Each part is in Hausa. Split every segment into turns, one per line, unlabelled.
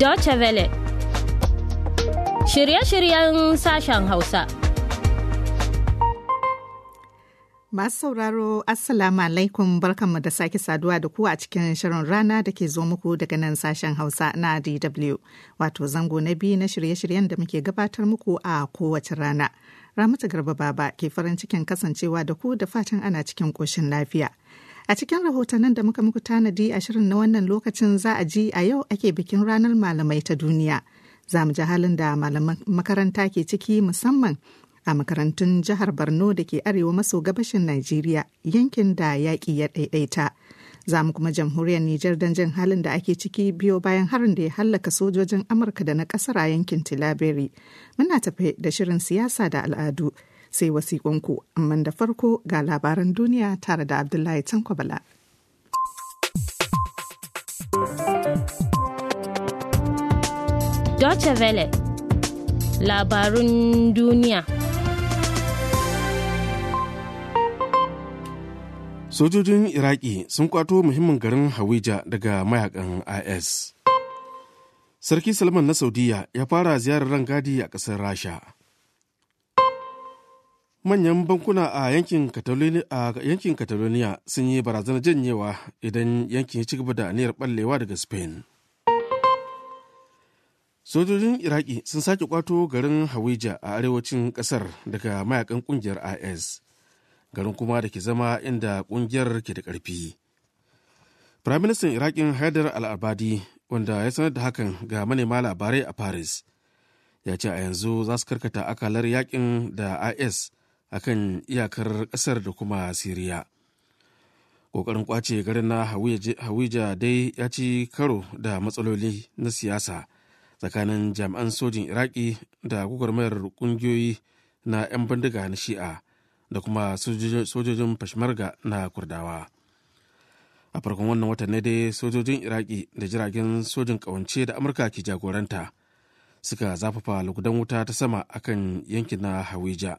Deutsche Welle Shirye-shiryen sashen Hausa
Masu sauraro Assalamu alaikum barkanmu da sake saduwa da ku a cikin shirin rana da ke zo muku daga nan sashen Hausa na DW wato zango na biyu na shirye-shiryen da muke gabatar muku a kowace rana. Ramatu Garba Baba ke farin cikin kasancewa da ku da fatan ana cikin ƙoshin lafiya. A cikin rahotannin da muka muku tanadi a shirin na wannan lokacin za a ji a yau ake bikin ranar malamai ta duniya. Za mu ji halin da malaman makaranta ke ciki musamman a makarantun jihar Borno da ke arewa maso gabashin Najeriya yankin da yaƙi ya ɗaiɗaita. Za mu kuma jamhuriyar Nijar don jin halin da ake ciki biyo bayan harin da ya hallaka sojojin Amurka da na ƙasar a yankin Tilaberi. Muna tafe da shirin siyasa da al'adu. sai wasiƙunku, amma da farko ga labaran duniya tare da Abdullahi Tankwabala.
Deutsche Welle Labarun duniya
Sojojin Iraki sun kwato muhimmin garin Hawija daga mayakan IS. Sarki Salman na Saudiya ya fara ziyarar rangadi a ƙasar Rasha. manyan bankuna a yankin catalonia sun yi barazanar janyewa idan yankin ya ci gaba da aniyar ballewa daga spain sojojin iraki sun sake kwato garin hawija a arewacin kasar daga mayakan kungiyar is garin kuma da ke zama inda kungiyar ke da karfi firaministan irakin haidar al'abadi wanda ya sanar da hakan ga manema labarai a paris ya ce a yanzu za su karkata akalar yakin da is akan iyakar ƙasar da kuma siriya ƙoƙarin kwace garin na hawija dai ya ci karo da matsaloli na siyasa tsakanin jami'an sojin iraki da gwagwarmayar ƙungiyoyi na 'yan bindiga na shi'a da kuma sojojin fashmarga na kurdawa a farkon wannan watan ne dai sojojin iraki da jiragen sojin ƙawance da amurka ke jagoranta suka zafafa lugudan wuta ta sama akan yankin na hawija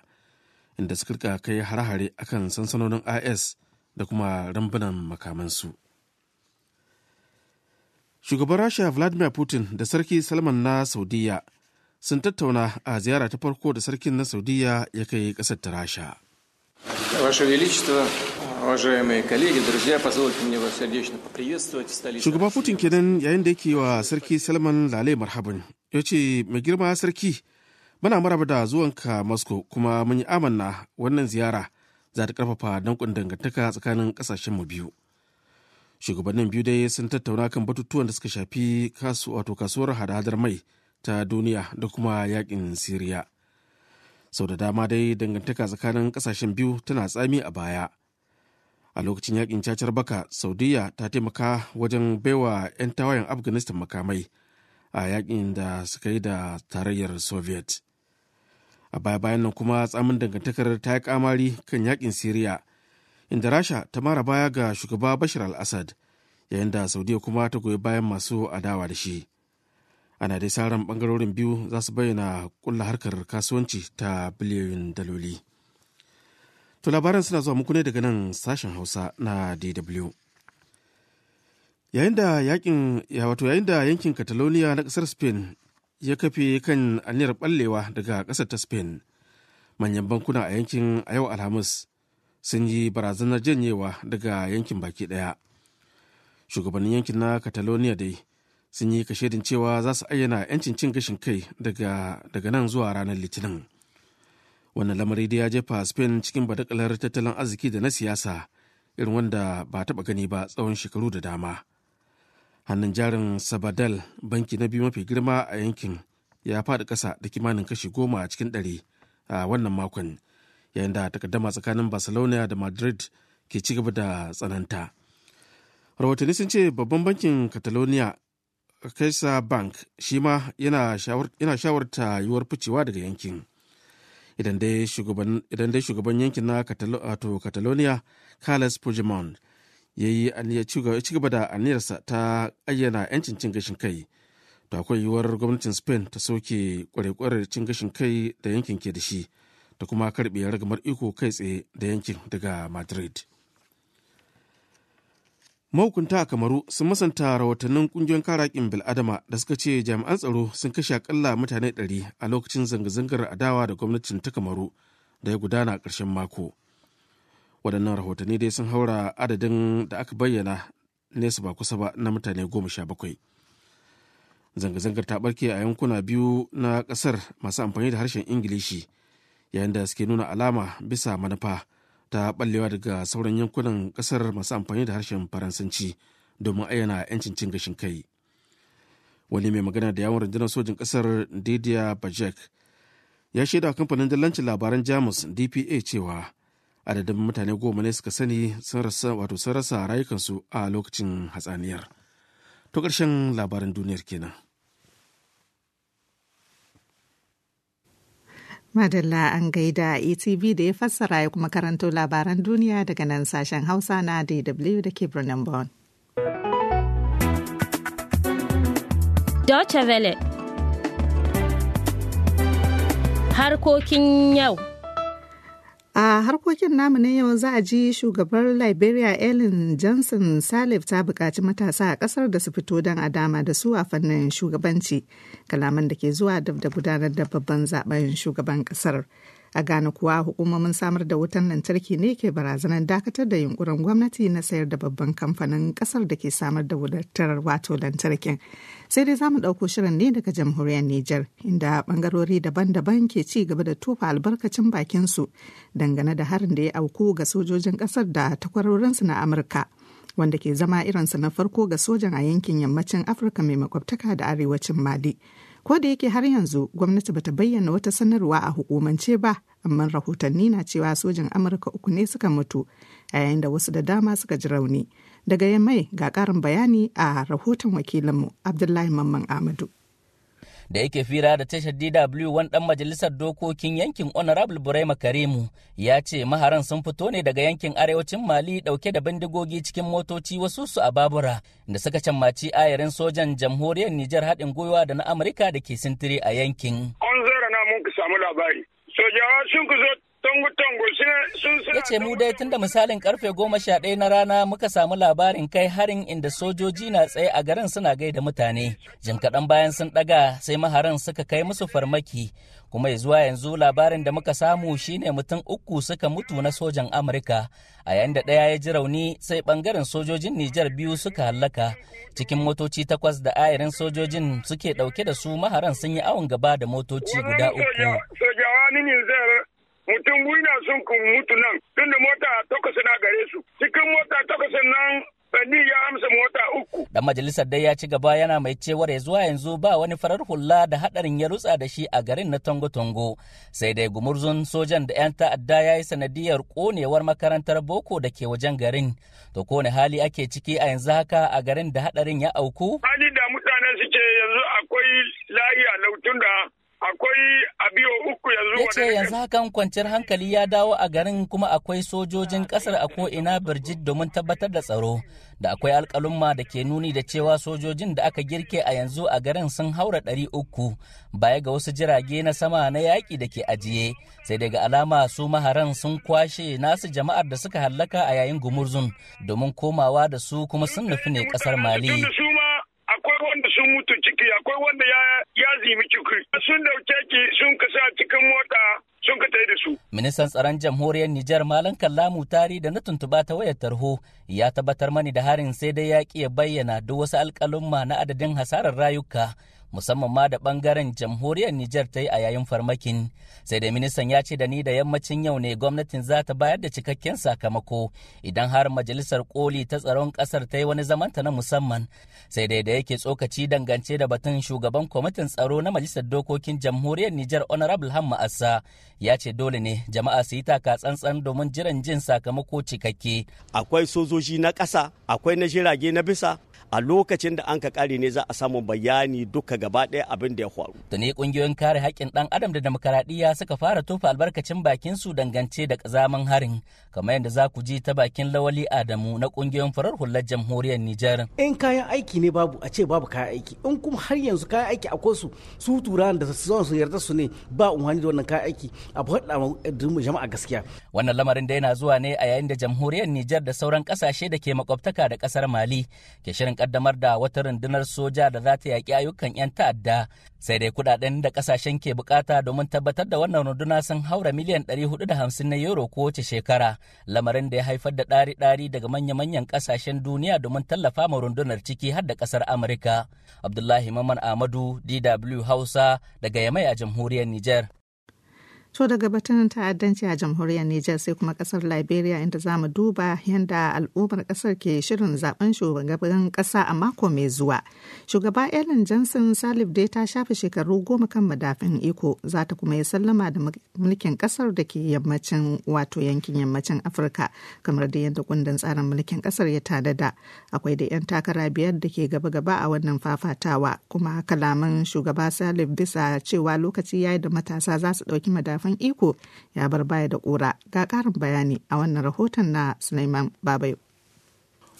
inda suka rika kai har-hare akan sansanonin is da kuma rambunan makamansu shugaban rasha vladimir putin da sarki salman na saudiya sun tattauna a ziyara ta farko da sarkin na saudiya ya kai kasar ta rasha shugaba putin kenan yayin da yake wa sarki salman lale marhaban ya ce mai girma sarki Muna maraba da zuwanka Moscow kuma mun yi amanna wannan ziyara za ta karfafa dankun dangantaka tsakanin kasashen mu biyu. Shugabannin biyu dai sun tattauna kan batutuwan da suka shafi wato kasuwar hadadar mai ta duniya da kuma yakin Siriya. Sau da dama dai dangantaka tsakanin kasashen biyu tana tsami a baya. A lokacin yakin cacar baka, Saudiya ta taimaka wajen baiwa 'yan tawayen Afghanistan makamai a yakin da suka yi da tarayyar Soviet. a baya bayan nan kuma tsamin dangantakar ta yi kamari kan yakin siriya inda rasha ta mara baya ga shugaba bashar al-assad yayin da saudiya kuma ta goyi bayan masu adawa da shi ana dai sa bangarorin biyu za su bayyana kulla harkar kasuwanci ta biliyoyin daloli to labaran suna zuwa muku ne daga nan sashen hausa na dw yayin da yayin da yankin Cataloniya na kasar spain ya kafe kan aniyar ɓallewa daga ƙasar ta spain manyan bankuna a yankin a yau alhamis sun yi barazanar janyewa daga yankin baki ɗaya shugabannin yankin na catalonia dai sun yi kashedin cewa za su ayyana 'yancin cin gashin kai daga nan zuwa ranar litinin wannan lamari da ya jefa spain cikin badakalar tattalin arziki da na siyasa irin wanda ba taɓa gani ba tsawon shekaru da dama hannun jarin sabadal banki na biyu mafi girma a yankin ya faɗi ƙasa da kimanin kashi goma a cikin ɗari a wannan makon yayin da takaddama tsakanin barcelona da madrid ke ci gaba da tsananta rahotanni sun ce babban bankin catalonia kaisa bank shi ma yana shawarta yiwuwar ficewa daga yankin idan dai shugaban yankin na catalonia carles puigdemont ya yi ya cigaba gaba da aniyarsa ta ayyana 'yancin cin gashin kai to akwai yiwuwar gwamnatin spain ta soke kwarekwarar cin gashin kai da yankin ke da shi da kuma karbe ragamar iko kai tsaye da yankin daga madrid mahukunta a kamaru sun masanta rahotannin kungiyoyin karakin bil'adama da suka ce jami'an tsaro sun kashe akalla mutane 100 a lokacin zanga-zangar adawa da gwamnatin ta kamaru da ya gudana a ƙarshen mako waɗannan rahotanni dai sun haura adadin da aka bayyana nesa ba kusa ba na mutane goma sha bakwai zanga-zangar ta barke a yankuna biyu na ƙasar masu amfani da harshen ingilishi yayin da suke nuna alama bisa manufa ta ɓallewa daga sauran yankunan ƙasar masu amfani da harshen faransanci domin ayyana 'yancin cin gashin kai wani mai magana da yawon rundunar sojin ƙasar didier bajek ya shaida kamfanin dillancin labaran jamus dpa cewa adadin mutane goma ne suka sani sun rasa wato sun rasa rayukansu a lokacin hatsaniyar to ƙarshen labaran duniyar kenan
madalla an gaida etv da ya fassara ya kuma karanto labaran duniya daga nan sashen hausa na dw da ke birnin bon
Deutsche harkokin yau A
harkokin namu ne yau za a ji shugabar Liberia Ellen Johnson Salif ta buƙaci matasa a ƙasar da su fito don adama da su a fannin shugabanci, kalaman da ke zuwa dab da gudanar da babban zaben shugaban ƙasar. A gane kuwa hukumomin samar da wutan lantarki ne ke barazanar dakatar da yunkurin gwamnati na sayar da babban kamfanin kasar da ke samar da wadatar wato lantarkin. Sai dai zamu ɗauko shirin ne daga jamhuriyar Nijar inda bangarori daban-daban ke ci gaba da tufa albarkacin bakinsu dangane da harin da ya auku ga sojojin kasar da takwarorinsu na Amurka. Wanda ke zama irinsa na farko ga sojan a yankin yammacin Afirka mai makwabtaka da arewacin Mali. Ko da yake har yanzu gwamnati bata bayyana wata sanarwa a hukumance ba, amma rahotanni na cewa sojin Amurka uku ne suka mutu, yayin da wasu da dama suka ji rauni. Daga Yamai ga ƙarin bayani a rahoton wakilinmu Abdullahi Mamman Amadu.
da yake fira da tashar DW wani dan majalisar dokokin yankin Honorable Burema Karimu ya ce maharan sun fito ne daga yankin arewacin Mali dauke da bindigogi cikin motoci wasu su a babura da suka cammaci ayarin sojan jamhuriyar Nijar haɗin gwiwa da na Amurka da ke sintiri a yankin.
zara na mun samu labari. Sojawa sun ku zo
Ya ce mu dai tunda misalin karfe goma sha ɗaya na rana muka samu labarin kai harin inda sojoji na tsaye a garin suna gaida mutane. Jim kaɗan bayan sun ɗaga sai maharan suka kai musu farmaki. Kuma zuwa yanzu labarin da muka samu shine mutum uku suka mutu na sojan Amurka. A yayin da ɗaya ya ji rauni sai ɓangaren sojojin Nijar biyu suka hallaka. Cikin motoci takwas da ayarin sojojin suke ɗauke da su maharan sun yi awon gaba da motoci guda uku.
mutum wina sun kun mutu nan tunda mota takwas na gare su cikin mota takwas nan Bani ya amsa mota uku.
Dan majalisar dai ya ci gaba yana mai cewar ya zuwa yanzu ba wani farar hula da hadarin ya rutsa da shi a garin na Tongo-Tongo. Sai dai gumurzun sojan da 'yan ta'adda ya yi sanadiyar konewar makarantar boko da ke wajen garin. To kone hali ake ciki a yanzu haka a garin da hadarin ya auku?
Hali da mutanen suke yanzu akwai layi a lautun da akwai abiyo uku yanzu ya ce yanzu hakan
kwanciyar hankali ya dawo a garin kuma akwai sojojin kasar a ko'ina birjit domin tabbatar da tsaro da akwai alkalumma da ke nuni da cewa sojojin da aka girke a yanzu a garin sun haura ɗari uku baya ga wasu jirage na sama na yaƙi da ke ajiye sai daga alama su maharan sun kwashe nasu jama'ar da suka hallaka a yayin gumurzun domin komawa da su kuma sun nufi ne ƙasar mali.
akwai wanda sun mutu ciki akwai wanda ya ya zimi ciki sun dauke ki sun kasa cikin mota sun ka da su.
Ministan tsaron jamhuriyar Nijar Malam Kallamu Tari da na tuntuba ta wayar tarho ya tabbatar mani da harin sai dai ya ya bayyana duk wasu alƙalumma na adadin hasarar rayuka musamman ma da bangaren jamhuriyar Nijar ta yi a yayin farmakin. Sai da ministan ya ce da ni da yammacin yau ne gwamnatin za ta bayar da cikakken sakamako idan har majalisar koli ta tsaron kasar ta yi wani ta na musamman. Sai dai da yake tsokaci dangance da batun shugaban kwamitin tsaro na majalisar dokokin jamhuriyar Nijar Honorable Hamma Assa ya ce dole ne jama'a su yi taka tsantsan domin jiran jin sakamako cikakke. Akwai sojoji na ƙasa, akwai na jirage na bisa, a lokacin da an ka kare ne za a samu bayani duka gaba ɗaya abin da ya faru. Da ne ƙungiyoyin kare haƙƙin ɗan adam da demokaradiyya suka fara tofa albarkacin bakin su dangance da zaman harin kamar yadda za ku ji ta bakin Lawali Adamu na ƙungiyoyin farar hular jamhuriyar Nijar. In kayan aiki ne babu a ce babu kayan aiki in kuma har yanzu kayan aiki akwai su su turan da su su yarda su ne ba unhani da wannan kayan aiki a faɗa jama'a gaskiya. Wannan lamarin da yana zuwa ne a yayin da jamhuriyar Nijar da sauran ƙasashe da ke makwabtaka da ƙasar Mali ke shirin kaddamar da wata rundunar soja da za ta yaƙi ayyukan 'yan ta'adda sai dai kudaden da kasashen ke bukata domin tabbatar da wannan runduna sun haura miliyan 450 na euro kowace shekara lamarin da ya haifar da ɗari-ɗari daga manya-manyan kasashen duniya domin tallafa ma rundunar ciki har da kasar amurka abdullahi maman amadu dw hausa daga yamai a jamhuriyar niger
To daga batun ta'addanci a jamhuriyar Nijar sai kuma kasar Liberia inda za mu duba yadda al'ummar kasar ke shirin zaben shugaban kasa a mako mai zuwa. Shugaba Ellen Johnson Salif dai ta shafe shekaru goma kan madafin iko za ta kuma yi sallama da mulkin kasar da ke yammacin wato yankin yammacin Afirka kamar da yadda kundin tsarin mulkin kasar ya tadada. Akwai da 'yan takara biyar da ke gaba-gaba a wannan fafatawa kuma kalaman shugaba Salif bisa cewa lokaci ya da matasa za su ɗauki madafin madafan iko ya bar baya da kura ga karin bayani a wannan rahoton na Suleiman Babai.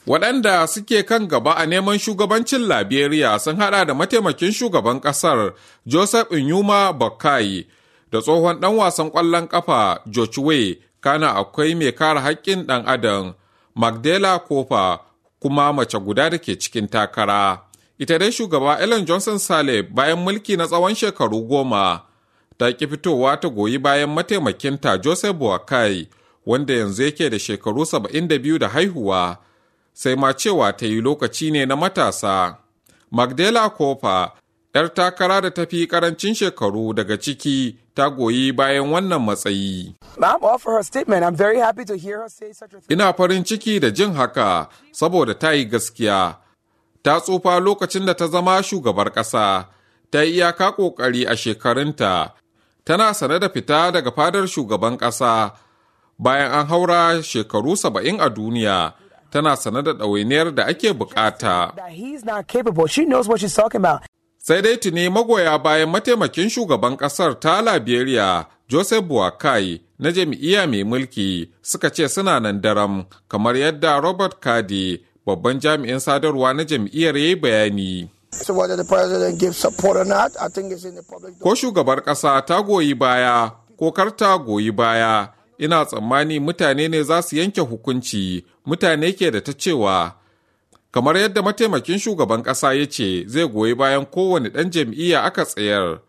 Waɗanda suke kan gaba a neman shugabancin Liberia sun hada da mataimakin shugaban ƙasar Joseph Inyuma bakai da tsohon ɗan wasan ƙwallon ƙafa George Way kana akwai mai kare haƙƙin ɗan adam magdela Kofa kuma mace guda da ke cikin takara. Ita dai shugaba Ellen Johnson Sale bayan mulki na tsawon shekaru goma ta ki fitowa ta goyi bayan mataimakinta Joseph Boakai wanda yanzu yake da shekaru 72 da haihuwa sai ma cewa ta yi lokaci ne na matasa. Magdala Kofa, 'yar takara da tafi fi karancin shekaru daga ciki ta goyi bayan wannan matsayi. Ina farin ciki da jin haka saboda ta yi gaskiya. Ta tsufa lokacin da ta zama shugabar ƙasa, ta yi iyaka ƙoƙari a shekarunta tana sane da fita daga fadar shugaban ƙasa bayan an haura shekaru saba'in a duniya tana sane da ɗawainiyar da ake bukata. Sai dai tuni magoya bayan mataimakin shugaban ƙasar ta Liberia, Joseph Buakai na jam'iyya mai mulki suka ce suna nan daram kamar yadda Robert Kadi babban jami'in sadarwa na jam'iyyar ya yi bayani. Ko shugabar ƙasa ta goyi baya ko kar ta goyi baya, ina tsammani mutane ne za su yanke hukunci, mutane ke da ta cewa. Kamar yadda mataimakin shugaban ƙasa ya ce zai goyi bayan kowane ɗan jam'iyya aka tsayar.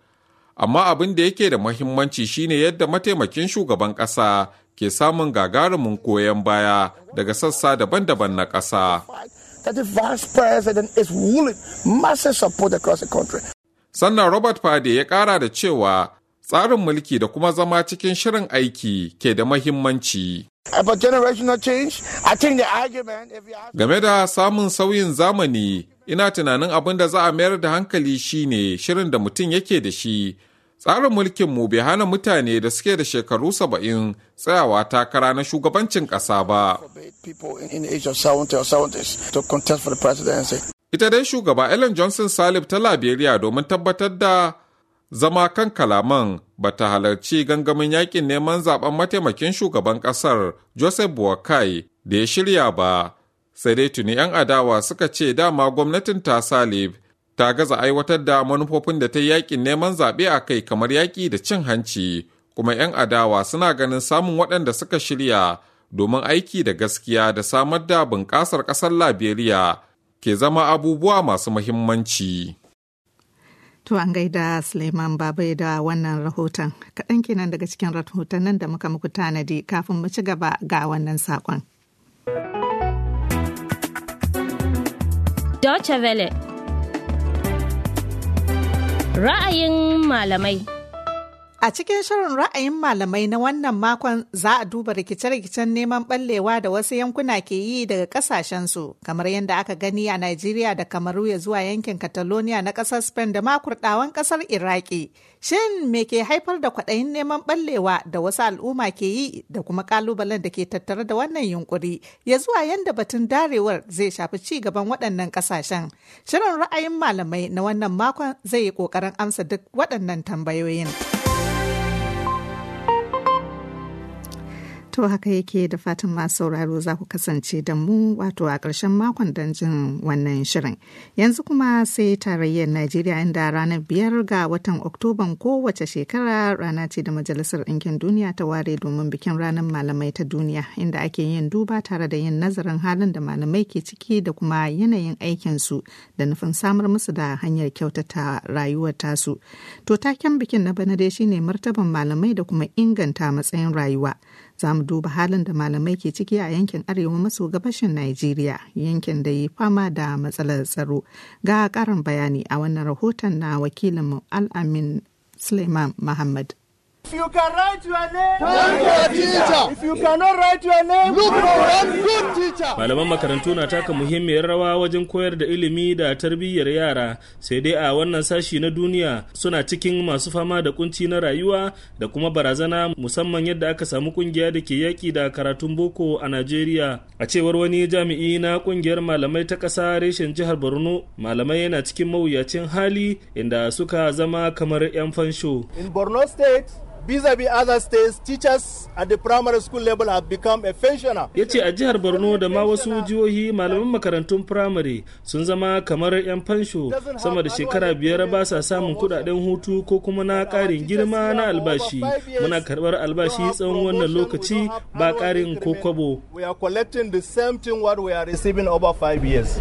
Amma abin da yake da mahimmanci shine yadda mataimakin shugaban ƙasa ke samun gagarumin koyon baya daga sassa daban-daban na ƙasa.
that the vice
president is wooling massive support across the country.
Sannan Robert Fade ya kara da cewa tsarin mulki da kuma zama cikin shirin aiki ke da mahimmanci. Game da samun sauyin zamani, ina tunanin abin da za a mayar da hankali shine shirin da mutum yake da shi tsarin mulkin mu bai hana mutane da suke da shekaru saba'in tsayawa takara na shugabancin ƙasa ba. Ita dai shugaba Ellen Johnson Salif ta Liberia domin tabbatar da zama kan kalaman ba ta halarci gangamin yakin neman zaben mataimakin shugaban ƙasar Joseph Boakai da ya shirya ba. Sai dai tuni 'yan adawa suka ce dama gwamnatin ta Salif ta gaza aiwatar da manufofin da ta yi yakin neman zaɓe a kai kamar yaƙi da cin hanci kuma 'yan adawa suna ganin samun waɗanda suka shirya domin aiki da gaskiya da samar da bunƙasar ƙasar liberia ke zama abubuwa masu muhimmanci.
To an gaida Suleiman Babai da wannan rahoton. Kaɗan kenan daga cikin rahoton nan da muka muku tanadi kafin mu ci gaba
ga wannan saƙon. Deutsche Welle Ra'ayin
malamai. A cikin shirin ra'ayin malamai na wannan makon za a duba rikice-rikicen neman ɓallewa da wasu yankuna ke yi daga su kamar yadda aka gani a Najeriya da Kamaru ya zuwa yankin Catalonia na ƙasar Spain da makurɗawan ƙasar Iraki. Shin me ke haifar da kwaɗayin neman ɓallewa da wasu al'umma ke yi da kuma ƙalubalen da ke tattare da wannan yunƙuri ya zuwa yadda batun darewar zai shafi ci gaban waɗannan ƙasashen. Shirin ra'ayin malamai na wannan makon zai yi ƙoƙarin amsa duk waɗannan tambayoyin. To haka yake da fatan masu sauraro za ku kasance da mu wato a ƙarshen makon don jin wannan shirin. Yanzu kuma sai tarayyar Najeriya inda ranar biyar ga watan Oktoban kowace shekara rana ce da Majalisar Ɗinkin Duniya ta ware domin bikin ranar malamai ta duniya inda ake yin duba tare da yin nazarin halin da malamai ke ciki da kuma yanayin aikinsu da nufin samar musu da hanyar kyautata rayuwar tasu. To taken bikin na bana dai shine martaban malamai da kuma inganta matsayin rayuwa. za mu duba halin da malamai ke ciki a yankin arewa maso gabashin Najeriya yankin da yi fama da matsalar tsaro. Ga karin bayani a wannan rahoton na wakilinmu Al'amin Suleiman Muhammad.
If you can write your name, thank your teacher. If you cannot
write your name, look for a good teacher.
Malaman makarantu na taka muhimmiyar rawa wajen koyar da ilimi da tarbiyyar yara, sai dai a wannan sashi na duniya suna cikin masu fama da kunci na rayuwa da kuma barazana musamman yadda aka samu kungiya da ke yaki da karatun boko a Najeriya. A cewar wani jami'i na kungiyar malamai ta ƙasa reshen jihar Borno, malamai yana cikin mawuyacin hali inda suka zama kamar 'yan fansho.
In Borno State, vis-a-vis other states teachers at the primary school level have
become a pensioner. Ya ce a jihar Borno da ma wasu jihohi malaman makarantun firamare sun zama kamar 'yan fansho sama da shekara biyar ba sa samun kudaden hutu ko kuma na karin girma na albashi. Muna karbar albashi tsawon wannan lokaci ba karin ko kwabo.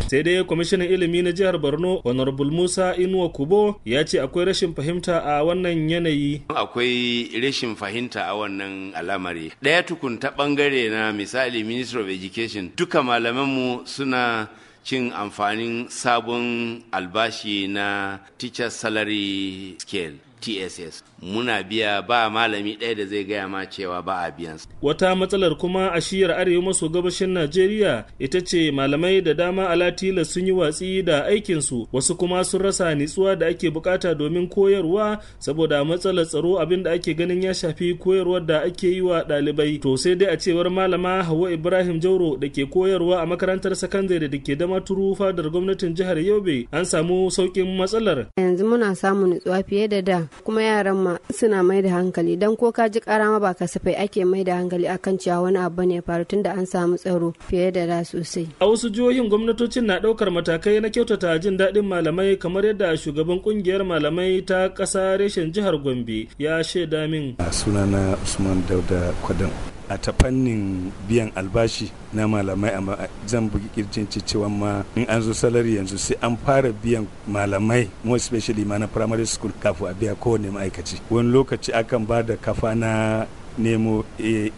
Sai dai kwamishinan ilimi na jihar Borno Honorable Musa Inuwa Kubo ya ce akwai rashin fahimta a wannan yanayi.
Akwai rashin fahimta a wannan al'amari ɗaya tukunta ta ɓangare na misali minister of education duka malamanmu suna cin amfanin sabon albashi na teacher salary scale tss muna biya ba malami ɗaya da zai gaya ma cewa ba a biyan
wata matsalar kuma a shiyar arewa maso gabashin najeriya ita ce malamai da dama a Latila sun yi watsi da aikinsu wasu kuma sun rasa nitsuwa da ake bukata domin koyarwa saboda matsalar tsaro abin da ake ganin ya shafi koyarwar da ake yi wa ɗalibai to sai dai a cewar malama Hauwa ibrahim jauro da ke koyarwa a makarantar sakandare da ke damaturu fadar gwamnatin jihar yobe an samu sauƙin matsalar
yanzu muna samun nitsuwa fiye da da kuma yaran ma suna mai da hankali dan ko ka ji karama ba kasafai ake mai da hankali akan cewa wani abu ne faru tun da an samu tsaro fiye da da sosai.
A wasu jihohin gwamnatocin na daukar matakai na kyautata jin daɗin malamai kamar yadda shugaban kungiyar malamai ta ƙasa reshen jihar Gombe ya shaida min.
Sunana Usman Dauda Kwadon.
a ta fannin biyan albashi na malamai amma zan bugi kirjin cewa ma in an zo salari yanzu sai an fara biyan malamai mo especially ma na primary school kafin a biya kowane ma'aikaci wani lokaci akan ba da kafa na nemo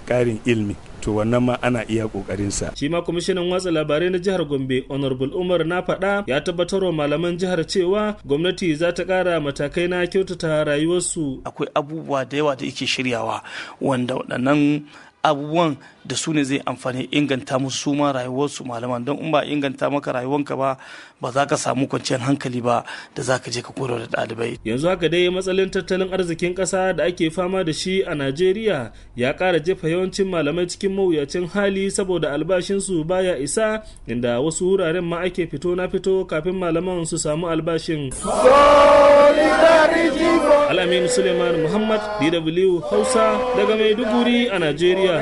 karin eh, ilmi to wannan ma ana iya sa Shi ma kwamishinan watsa labarai na jihar Gombe Honorable Umar na faɗa ya tabbatar wa malaman jihar cewa gwamnati za ta ƙara matakai na kyautata rayuwarsu. Akwai abubuwa da yawa da yake shiryawa wanda waɗannan abubuwan da su ne zai amfani inganta musu suma rayuwarsu malaman don in ba inganta maka rayuwanka ba ba za ka samu kwanciyar hankali ba da za ka je ka koyar da ɗalibai. Yanzu haka dai matsalin tattalin arzikin ƙasa da ake fama da shi a Najeriya ya ƙara jefa yawancin malamai cikin mawuyacin hali saboda albashinsu baya isa inda wasu wuraren ma ake fito na fito kafin malaman su samu albashin. Alamin Suleiman Muhammad DW Hausa daga Maiduguri a Najeriya.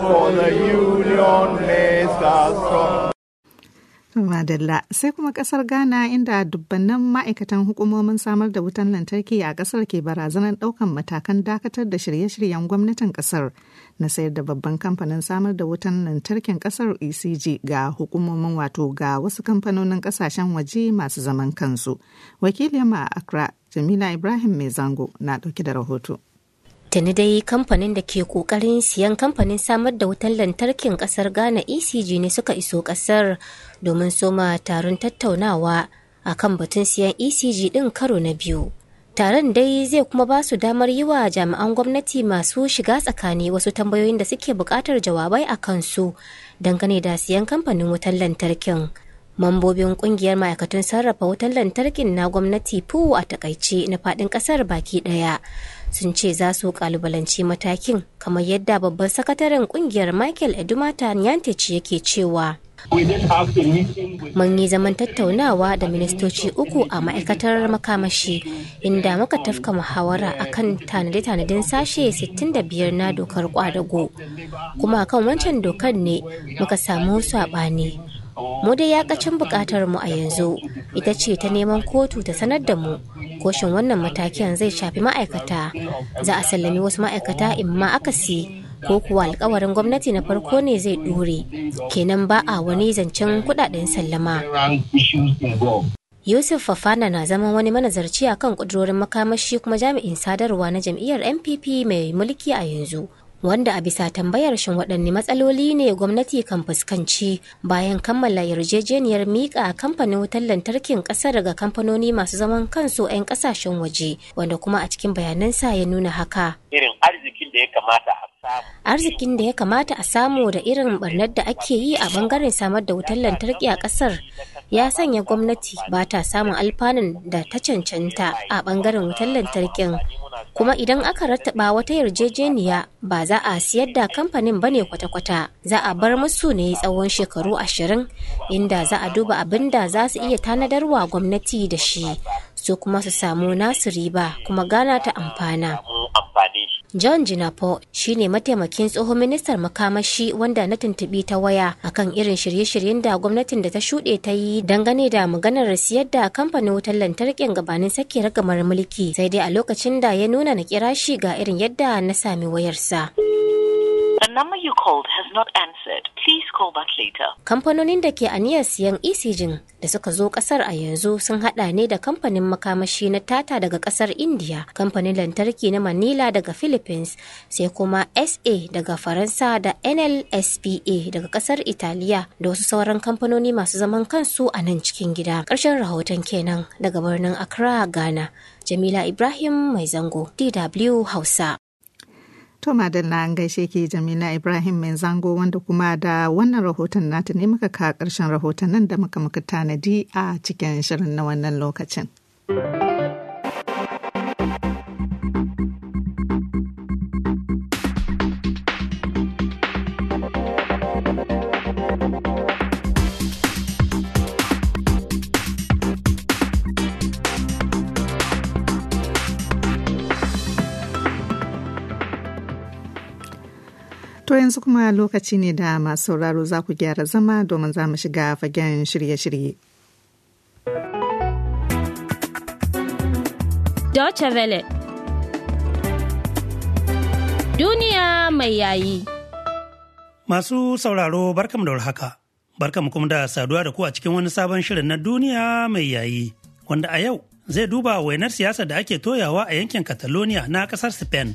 For the union makes us strong.
Madalla sai kuma kasar Ghana inda dubbannin ma'aikatan hukumomin samar da wutan lantarki a kasar ke barazanar daukan matakan dakatar da shirye-shiryen gwamnatin kasar na sayar da babban kamfanin samar da wutan lantarkin kasar ECG ga hukumomin wato ga wasu kamfanonin kasashen waje masu zaman kansu. Wakilin ma Accra Jamila Ibrahim
Mai Zango na dauke da rahoto. dani dai kamfanin da ke kokarin siyan kamfanin samar da wutar lantarkin kasar Ghana ECG ne suka iso kasar domin soma taron tattaunawa a kan batun siyan ECG ɗin karo na biyu. Taron dai zai kuma ba su damar yi wa jami'an gwamnati masu shiga tsakani wasu tambayoyin da suke buƙatar jawabai a kansu dangane da siyan kamfanin wutar lantarkin. Mambobin kungiyar ma'aikatun sarrafa wutar lantarkin na gwamnati PU a takaice na faɗin ƙasar baki ɗaya sun ce za su kalubalanci matakin kamar yadda babban sakataren kungiyar michael edumata nyantechi yake cewa Mun yi zaman tattaunawa da ministoci uku a ma'aikatar makamashi inda muka tafka muhawara akan tanade-tanadin sashe 65 na dokar kwadago. Kuma kan wancan dokar ne muka samu saɓani. mu dai yakacin bukatar mu a yanzu ita ce ta neman kotu ta sanar da mu koshin wannan matakin zai shafi ma'aikata za a sallami wasu ma'aikata in ma aka si ko kuwa alkawarin gwamnati na farko ne zai dure kenan ba a wani zancen kudaden sallama yusuf fafana na zama wani manazarci akan kudurorin makamashi kuma jami'in sadarwa na jam'iyyar npp mai mulki a yanzu wanda a bisa tambayar shin waɗanne matsaloli ne gwamnati kan fuskanci bayan kammala yarjejeniyar miƙa kamfanin wutar lantarkin ƙasar daga kamfanoni masu zaman kansu 'yan ƙasashen waje wanda kuma a cikin bayanansa ya nuna haka.
Irin arzikin da
ya kamata a samu da irin barnar da ake yi a bangaren samar da wutar lantarki a ƙasar, ya sanya gwamnati ba ta samun alfanun da ta cancanta a bangaren wutar lantarkin kuma idan aka rattaba wata yarjejeniya ba za a siyar da kamfanin bane kwata-kwata za a bar musu ne tsawon shekaru ashirin inda za a duba abin da za su iya tanadarwa gwamnati da shi su kuma su samu nasu riba kuma gana ta amfana. john jinapo ne mataimakin tsohon ministar makamashi wanda na tuntubi ta waya akan irin shirye-shiryen da gwamnatin da ta shuɗe ta yi dangane da maganar siyar da kamfanin wutar lantarkin gabanin sake ragamar mulki sai dai a lokacin da ya nuna na kira shi ga irin yadda na sami wayarsa. The
number you called has not answered. Please call back later.
Kamfanonin da ke aniyar siyan ECG da suka zo kasar a yanzu sun hada ne da kamfanin makamashi na Tata daga kasar India, kamfanin lantarki na Manila daga Philippines, sai kuma SA daga Faransa da NLSPA daga kasar Italiya da wasu sauran kamfanoni masu zaman kansu a nan cikin gida. Ƙarshen rahoton kenan daga birnin Accra, Ghana. Jamila Ibrahim Mai Zango, DW Hausa. To madalla an gaishe ki Jamila
Ibrahim mai zango wanda kuma da wannan rahoton nata ne muka ka karshen rahoton nan da muka muka tanadi a cikin shirin na wannan lokacin. To yanzu kuma lokaci ne da masu sauraro za ku gyara zama domin za mu shiga fagen shirye-shirye.
Deutsche Welle Duniya mai yayi
Masu sauraro barkam da warhaka, barkam kuma da saduwa da ku a cikin wani sabon shirin na duniya mai yayi, wanda a yau zai duba wainar siyasa da ake toyawa a yankin Catalonia na kasar Spain.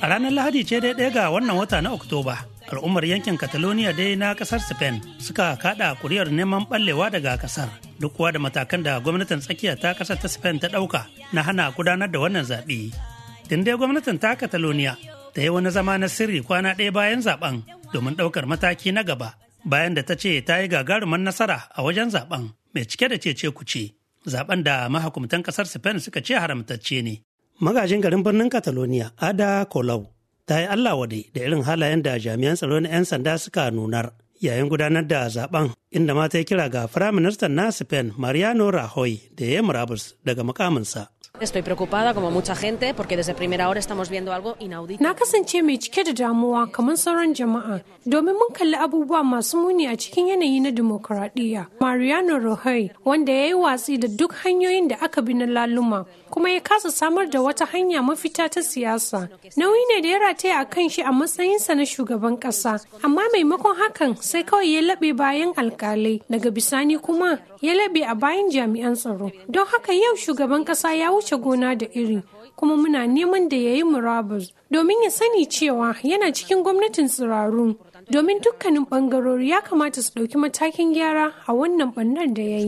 A ranar Lahadi ce dai ɗaya ga wannan wata na Oktoba, al'ummar yankin Catalonia dai na ƙasar Spain suka kaɗa kuriyar neman ɓallewa daga ƙasar, Duk kuwa da matakan da gwamnatin tsakiya ta ƙasar ta Spain ta ɗauka na hana gudanar da wannan zaɓe. Tun dai gwamnatin ta Catalonia ta yi wani zama na sirri kwana ɗaya bayan zaɓen domin ɗaukar mataki na gaba bayan da ta ce ta yi gagarumin nasara a wajen zaɓen mai cike da cece kuce. Zaɓen da mahakumtan ƙasar Spain suka ce haramtacce ne. Magajin garin birnin Catalonia, Ada Colau, ta yi Allah wadai da irin halayen da jami'an tsaro na 'yan sanda suka nunar yayin gudanar da zaben inda mata ya kira ga Firaministan na Spain Mariano Rajoy da ya murabus daga makaminsa
Estoy preocupada como mucha gente porque desde primera hora estamos viendo algo inaudito. Na kasance mai cike da damuwa kamar sauran jama'a domin mun kalli abubuwa masu muni a cikin yanayi na dimokuraɗiyya. Mariano Rajoy wanda ya yi watsi da duk hanyoyin da aka bi na laluma kuma ya kasa samar da wata hanya mafita ta siyasa nauyi ne da ya rataya a kan shi a matsayinsa na shugaban ƙasa, amma maimakon hakan sai kawai ya laɓe bayan alkalai daga bisani kuma ya laɓe a bayan jami'an tsaro don haka yau shugaban ƙasa ya wuce gona da iri kuma muna neman da ya yi murabus domin ya sani cewa yana cikin gwamnatin tsiraru domin dukkanin bangarori ya kamata su ɗauki matakin gyara a wannan bannar da ya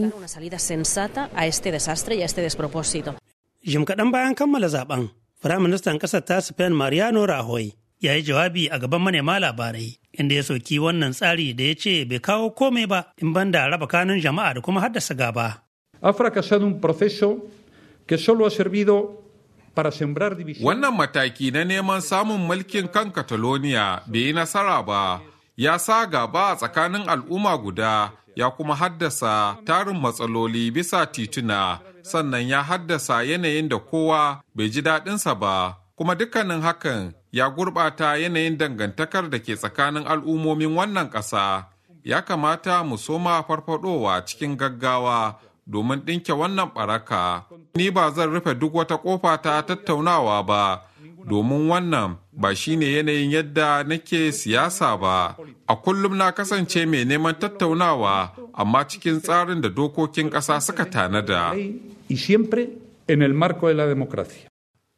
yi.
Jim kaɗan bayan kammala zaben, Firaministan ƙasar ta Spain Mariano Rajoy ya yi jawabi a gaban manema labarai inda ya soki wannan tsari da ya ce bai kawo komai ba in ban banda raba kanun jama'a da kuma haddasa
gaba. Ha fracasado un proceso que solo servido para
sembrar división.
Wannan mataki na neman samun mulkin kan Kataloniya bai yi nasara ba, ya sa gaba a tsakanin al'umma guda ya kuma haddasa tarin matsaloli bisa tituna sannan ya haddasa yanayin da kowa bai ji daɗinsa ba kuma dukkanin hakan ya gurɓata yanayin dangantakar da ke tsakanin al'ummomin wannan ƙasa ya kamata mu soma farfadowa cikin gaggawa domin ɗinke wannan ɓaraka ni ba zan rufe duk wata ƙofa ta tattaunawa ba domin wannan ba shi ne yanayin yadda nake siyasa ba a kullum na kasance mai neman tattaunawa amma cikin tsarin da dokokin ƙasa suka tanada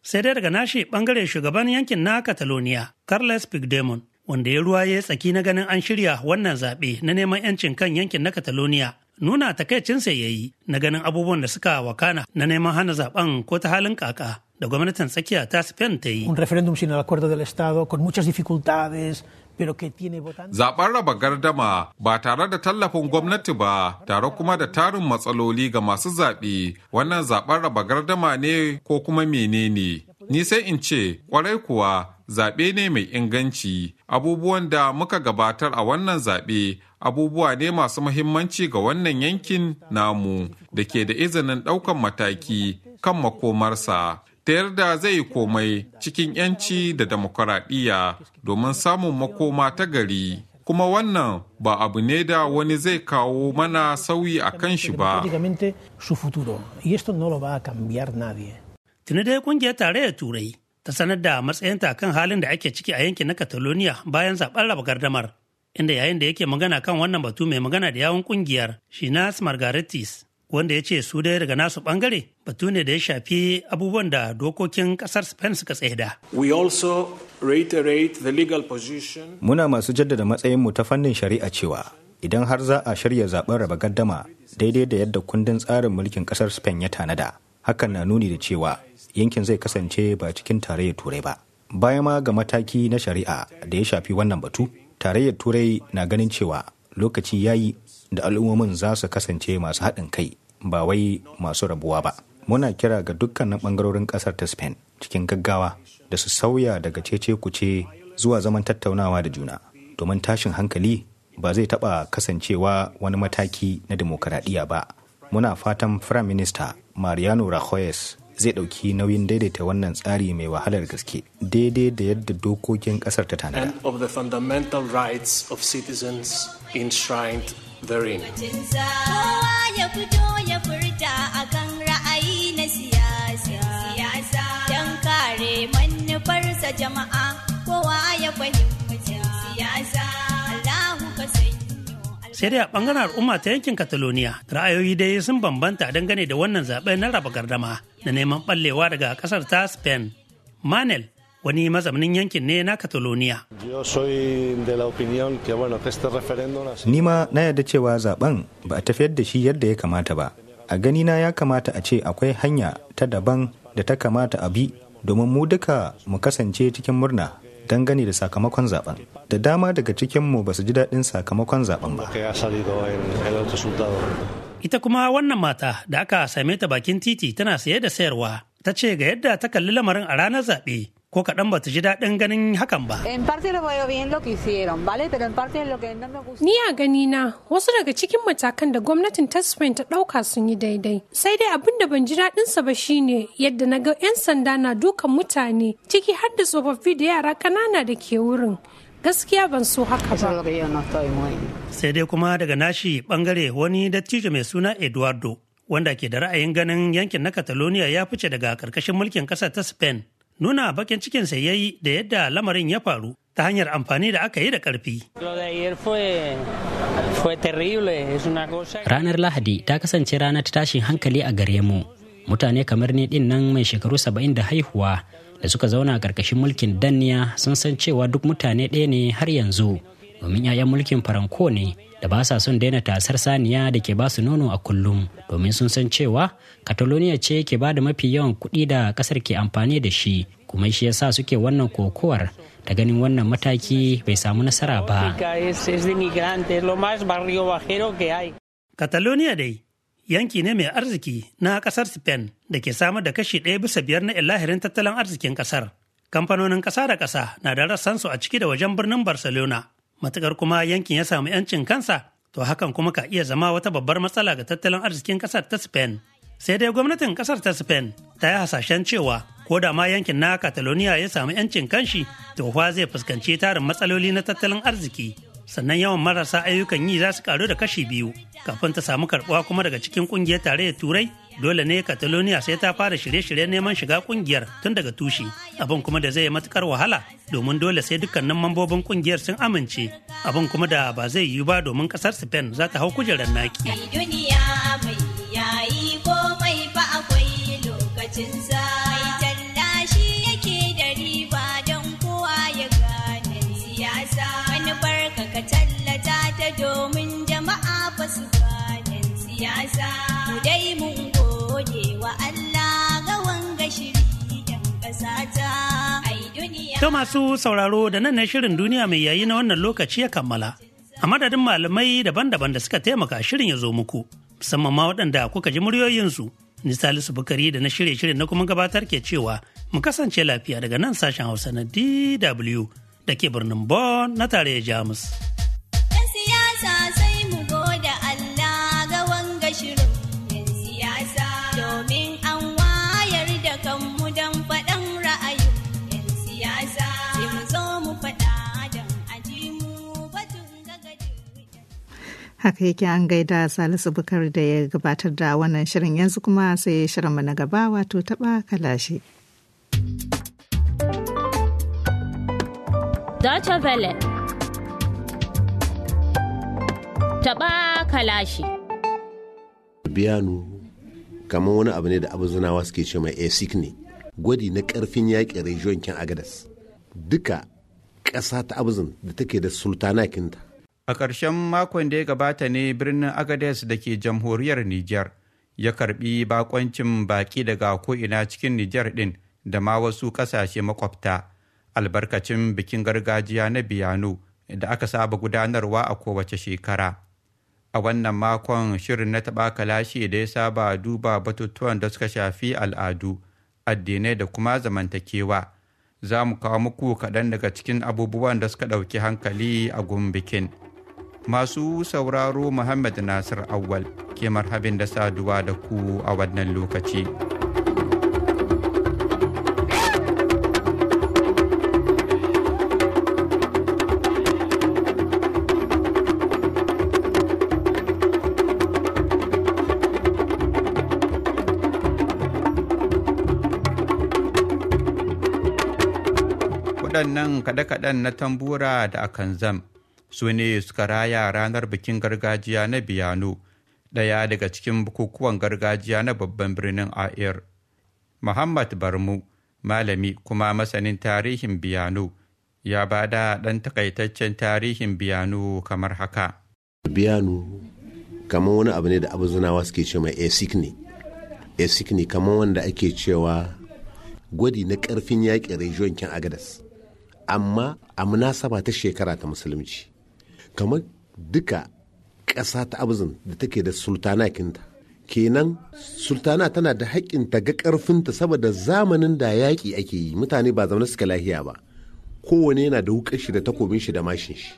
sai dai daga nashi bangare shugaban yankin na catalonia carles pigdemon wanda ya ruwa ya tsaki na ganin an shirya wannan zaɓe na neman 'yancin kan yankin na catalonia nuna takaicinsa ya yi na ganin abubuwan da suka wakana na neman hana zaben ko ta halin kaka da gwamnatin
tsakiya ta Spain ta yi. Un
referéndum sin el acuerdo del Estado con muchas dificultades pero
raba gardama ba tare da tallafin gwamnati ba tare kuma da tarin matsaloli ga masu zaɓe wannan zaɓar raba gardama ne ko kuma menene. Ni sai in ce kwarai kuwa zaɓe ne mai inganci abubuwan da muka gabatar a wannan zaɓe abubuwa ne masu mahimmanci ga wannan yankin namu da ke da izinin ɗaukan mataki kan makomarsa. ta yarda zai yi komai cikin 'yanci da demokuraɗiyya domin samun makoma ta gari kuma wannan ba abu ne da wani zai kawo mana sauyi a kan shi ba.
Tuni dai kungiyar tarayyar Turai ta sanar da matsayinta kan halin da ake ciki a yankin na Catalonia bayan zaben raba gardamar, inda yayin da yake magana kan wannan batu mai magana da yawun kungiyar Shinas Margaritis wanda ya ce su dai daga nasu bangare batu ne da ya shafi abubuwan da dokokin kasar
Spain suka tsaida. We also reiterate the legal position.
Muna masu jaddada matsayinmu ta fannin shari'a cewa idan har za a shirya zaben raba gaddama daidai da yadda kundin tsarin mulkin kasar Spain ya tanada. Hakan na nuni da cewa yankin zai kasance ba cikin tarayyar turai ba. Bayan ma ga mataki na shari'a da ya shafi wannan batu, tarayyar turai na ganin cewa lokaci yayi da al'ummomin za su kasance masu haɗin kai ba wai masu rabuwa ba muna kira ga dukkanin ɓangarorin ƙasar ta spain cikin gaggawa da su sauya daga cece kuce zuwa zaman tattaunawa da juna domin tashin hankali ba zai taɓa kasancewa wani mataki na demokaradiyya ba muna fatan firayim minista mariano rajoy zai ɗauki nauyin daidaita wannan tsari mai wahalar gaske daidai da yadda dokokin ƙasar ta tanada.
of the fundamental rights of citizens enshrined
sai dai a bangaren al'umma ta yankin catalonia ra'ayoyi dai sun bambanta dangane da wannan zaben na raba gardama na neman ɓallewa daga ƙasar ta spain manel wani mazaunin yankin ne na catalonia
ni ma na yarda cewa zaben ba a tafiyar da shi yadda ya kamata ba a ganina ya kamata a ce akwai hanya ta daban da ta kamata a bi domin mu duka mu kasance cikin murna dangane da sakamakon zaben da dama daga cikinmu ba su ji daɗin sakamakon zaben ba
ita kuma wannan mata da aka same ta bakin titi tana saye da sayarwa ta ce ga yadda ta kalli lamarin a ranar zaɓe ko kaɗan ba ta ji daɗin ganin hakan ba.
Ni a gani na wasu daga cikin matakan da gwamnatin ta Spain ta ɗauka sun yi daidai. Sai dai abin da ban ji daɗinsa ba shine yadda na ga 'yan sanda na dukan mutane ciki har da tsofaffi da yara ƙanana da ke wurin. gaskiya ban so haka ba.
Sai dai kuma daga nashi bangare wani dattijo mai suna Eduardo wanda ke da ra'ayin ganin yankin na Catalonia ya fice daga karkashin mulkin kasar ta Spain nuna bakin cikin sa yayi da yadda lamarin ya faru ta hanyar amfani da aka yi da ƙarfi.
Ranar Lahadi ta kasance ranar tashin hankali a gare mu. Mutane kamar ni din nan mai shekaru saba'in da haihuwa da suka zauna a ƙarƙashin mulkin danniya sun san cewa duk mutane ɗaya ne har yanzu domin 'ya'yan mulkin faranko ne da ba sa son daina tasar saniya da ke ba su nono a kullum domin sun san cewa catalonia ce ke ba da mafi yawan kuɗi da ƙasar ke amfani da shi kuma shi yasa suke wannan kokowar da ganin wannan mataki bai samu nasara ba
catalonia dai yanki ne mai arziki na ƙasar Spain da ke samar da kashi ɗaya bisa biyar na ilahirin tattalin arzikin ƙasar, Kamfanonin ƙasa da ƙasa na da rassansu a ciki da wajen birnin Barcelona, matukar kuma yankin ya samu 'yancin kansa to hakan kuma ka iya zama wata babbar matsala ga tattalin arzikin kasar ta Spain. Sai dai gwamnatin kasar ta Spain ta yi hasashen cewa ko da ma yankin na Catalonia ya samu 'yancin kanshi to fa zai fuskanci tarin matsaloli na tattalin arziki. Sannan yawan marasa ayyukan yi za su karu da kashi biyu kafin ta samu karbuwa kuma daga cikin kungiyar tarayyar Turai dole ne catalonia sai ta fara shirye-shiryen neman shiga kungiyar tun daga tushe abin kuma da zai yi matukar wahala domin dole sai dukkanin mambobin kungiyar sun amince abin kuma da ba zai yiwu ba domin kasar spain za ta hau kujerar naki.
duniya mai yayi komai ba akwai lokacinsa To
masu sauraro da nan ne shirin duniya mai yayi na wannan lokaci ya kammala. A madadin malamai daban-daban da suka taimaka shirin ya zo muku, musamman ma waɗanda kuka ji muryoyinsu. Ni Salisu Bukari da na shirye shirin na kuma gabatar ke cewa mu kasance lafiya daga nan sashen Hausa na DW da ke birnin Bonn na tarayyar Jamus.
Haka yake an gaida Salisu Bukar da ya gabatar da wannan shirin yanzu kuma sai shirinmu na gaba wato taɓa kalashe.
Dota Welle Taɓa kalashe.
Biyanu kamar wani abu ne da abuzunawa suke ce mai ASIC ne. Gwadi na karfin yaƙi region kin Agadas. Duka ƙasa ta abuzin da take da sultana
kinta. a ƙarshen makon da ya gabata ne birnin agades da ke jamhuriyar nijar ya karbi bakoncin baki daga ko'ina cikin nijar ɗin da ma wasu ƙasashe makwabta albarkacin bikin gargajiya na biyano da aka saba gudanarwa a kowace shekara a wannan makon shirin na taɓa kalashi da ya saba duba batutuwan da suka shafi al'adu addinai da kuma zamantakewa za mu kawo muku kaɗan daga cikin abubuwan da suka ɗauki hankali a gun bikin masu sauraro Muhammad Nasir Awal ke marhabin da saduwa da ku a wannan lokaci. waɗannan kaɗe-kaɗen na tambura da akan zam su ne suka raya ranar bikin gargajiya na biyano ɗaya daga cikin bukukuwan gargajiya na babban birnin air muhammad barmu malami kuma masanin tarihin biyano ya ba da ɗan takaitaccen tarihin biyano kamar haka
biyano kamar wani abu ne da abuzunawa suke ce mai asik ne asik ne kamar wanda ake cewa gwadi na ƙarfin yaƙin region kin agadas amma a munasaba ta shekara ta musulunci kamar duka ƙasa ta abuzin da take da sultana kinta. kenan sultana tana da haƙƙin ta ga ƙarfinta saboda zamanin da yaƙi ake yi mutane ba zaune suka lahiya ba kowane yana da wuƙar shi da takobin shi da mashin shi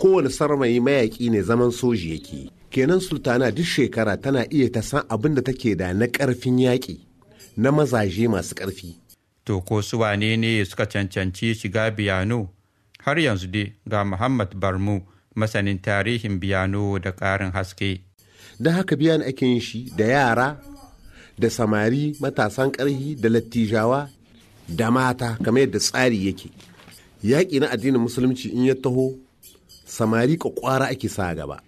kowane sarmayi mayaƙi ne zaman soji yake yi kenan sultana duk shekara tana iya ta san abin da take da na ƙarfin yaƙi na mazaje masu ƙarfi
to ko su ne suka cancanci shiga biyano har yanzu dai ga Muhammad Barmu masanin tarihin biyano da ƙarin haske.
Da haka biyan
ake yin shi da yara, da samari, matasan ƙarhi, da lattijawa,
da mata kamar yadda tsari yake. Yaƙi na addinin musulunci in ya taho, samari ƙwaƙwara ake sa gaba.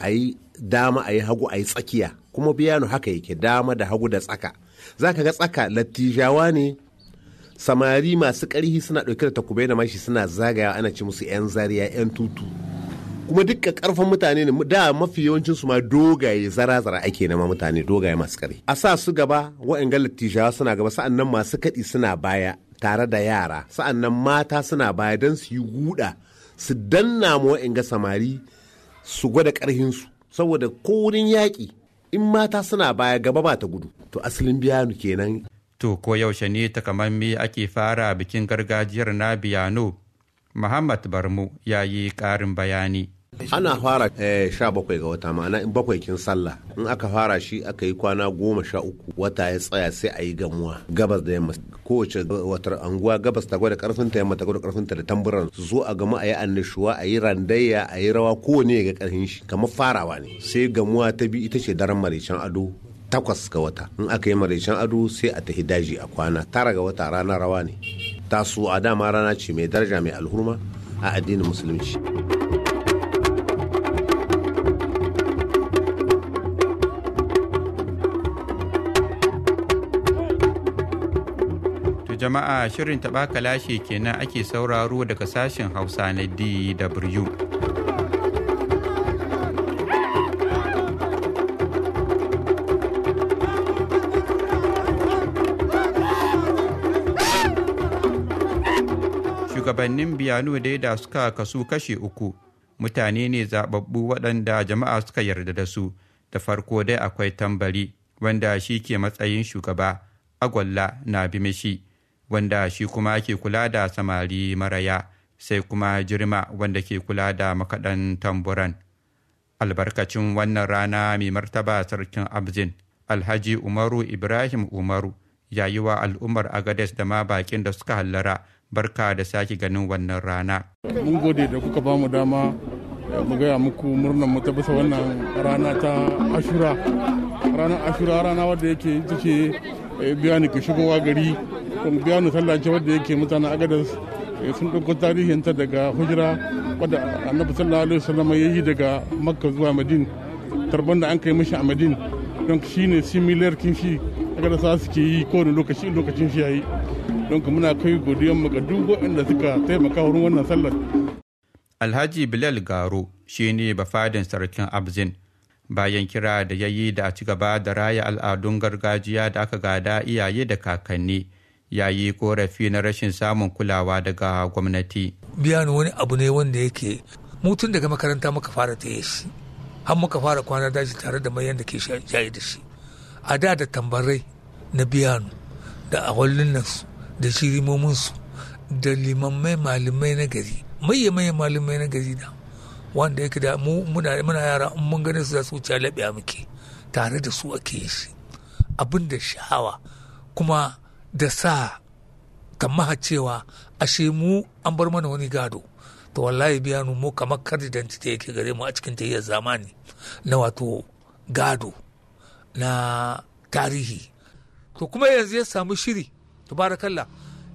A yi dama a yi hagu a yi tsakiya, kuma biyano haka yake dama da hagu da tsaka. Za ka ga tsaka lattijawa ne samari masu ƙarfi suna ɗauke da takubai da mashi suna zagaya ana ci musu 'yan zariya 'yan tutu kuma duka karfin mutane ne da mafi yawancin su ma dogaye zara-zara ake nema mutane dogaye masu ƙarhi a sa su gaba wa'angan lattijawa suna gaba sa'annan masu kaɗi suna baya tare da yara sa'annan mata suna baya don su yi guda su danna ma ga samari su gwada su saboda ko wurin yaƙi in
mata suna baya gaba ba ta gudu to asalin biyanu kenan To ko yaushe ne takamammi ake fara bikin gargajiyar na biyano? Muhammad Barmu ya yi ƙarin bayani.
Ana fara eh, sha bakwai ga wata ma'ana in bakwai kin sallah in aka fara shi aka yi kwana goma sha uku wata ya tsaya sai a yi gamuwa gabas da yamma kowace watar anguwa gabas ta gwada karfin ta yamma ta gwada karfin ta da tamburan su zo a gama a yi annashuwa a yi randayya a yi rawa kowane ga karfin shi kamar farawa ne sai gamuwa ta bi ita ce daren maricin ado takwas ga wata in aka yi maraicen ado sai a tafi daji a kwana tara ga wata rana rawa ne su a dama rana ce mai daraja mai alhurma a addinin musulunci
jama'a shirin taɓa kalashe kenan ake sauraro daga sashen hausa na dw shugabannin biyanu dai da suka kasu kashe uku mutane ne zababbu waɗanda jama'a suka yarda da su da farko dai akwai tambari wanda shi ke matsayin shugaba agwalla na bimishi wanda shi kuma ke kula da samari maraya sai kuma jirma wanda ke kula da makaɗan tamburan albarkacin wannan rana mai martaba sarkin abzin alhaji umaru ibrahim umaru yayi wa al'ummar agades da ma bakin da suka hallara barka da sake ganin wannan rana
mun gode da kuka bamu dama mu gaya muku murnan mu ta bisa wannan rana ta ashura ranar ashura rana wadda yake ita ce eh, biya ni ka shigowa gari kuma biya ni sallah ce wadda yake mutanen agadas eh, sun ɗauko ta daga hujira wadda annabi sallallahu alaihi wasallam ya yi daga makka zuwa madin tarban da an kai mashi a madin don shi ne similar kin shi agadas suke yi kowane lokaci lokacin shi yayi don muna kai godiyan ga duk waɗanda suka taimaka wurin wannan sallar. Alhaji
Bilal Garo shi ne bafadin sarkin Abzin bayan kira da ya yi da a ci gaba da raya al'adun gargajiya da aka gada iyaye da kakanni ya yi korafi na rashin samun kulawa daga gwamnati.
Biyanu wani abu ne wanda yake mutum daga makaranta muka fara ta shi har muka fara kwana daji tare da mayan da ke da shi a da da tambarai na biyanu da a nan da shirimominsu da limammai malamai na gari maye maye malamai na gari da wanda yake da muna muna yara in mun gane su za su wuce labiya muke tare da su ake yi shi abin da sha'awa kuma da sa tamaha cewa ashe mu an bar mana wani gado to wallahi biya nu mu kamar kardidan da yake gare mu a cikin tayyar zamani na wato gado na tarihi to kuma yanzu ya samu shiri tabarakallah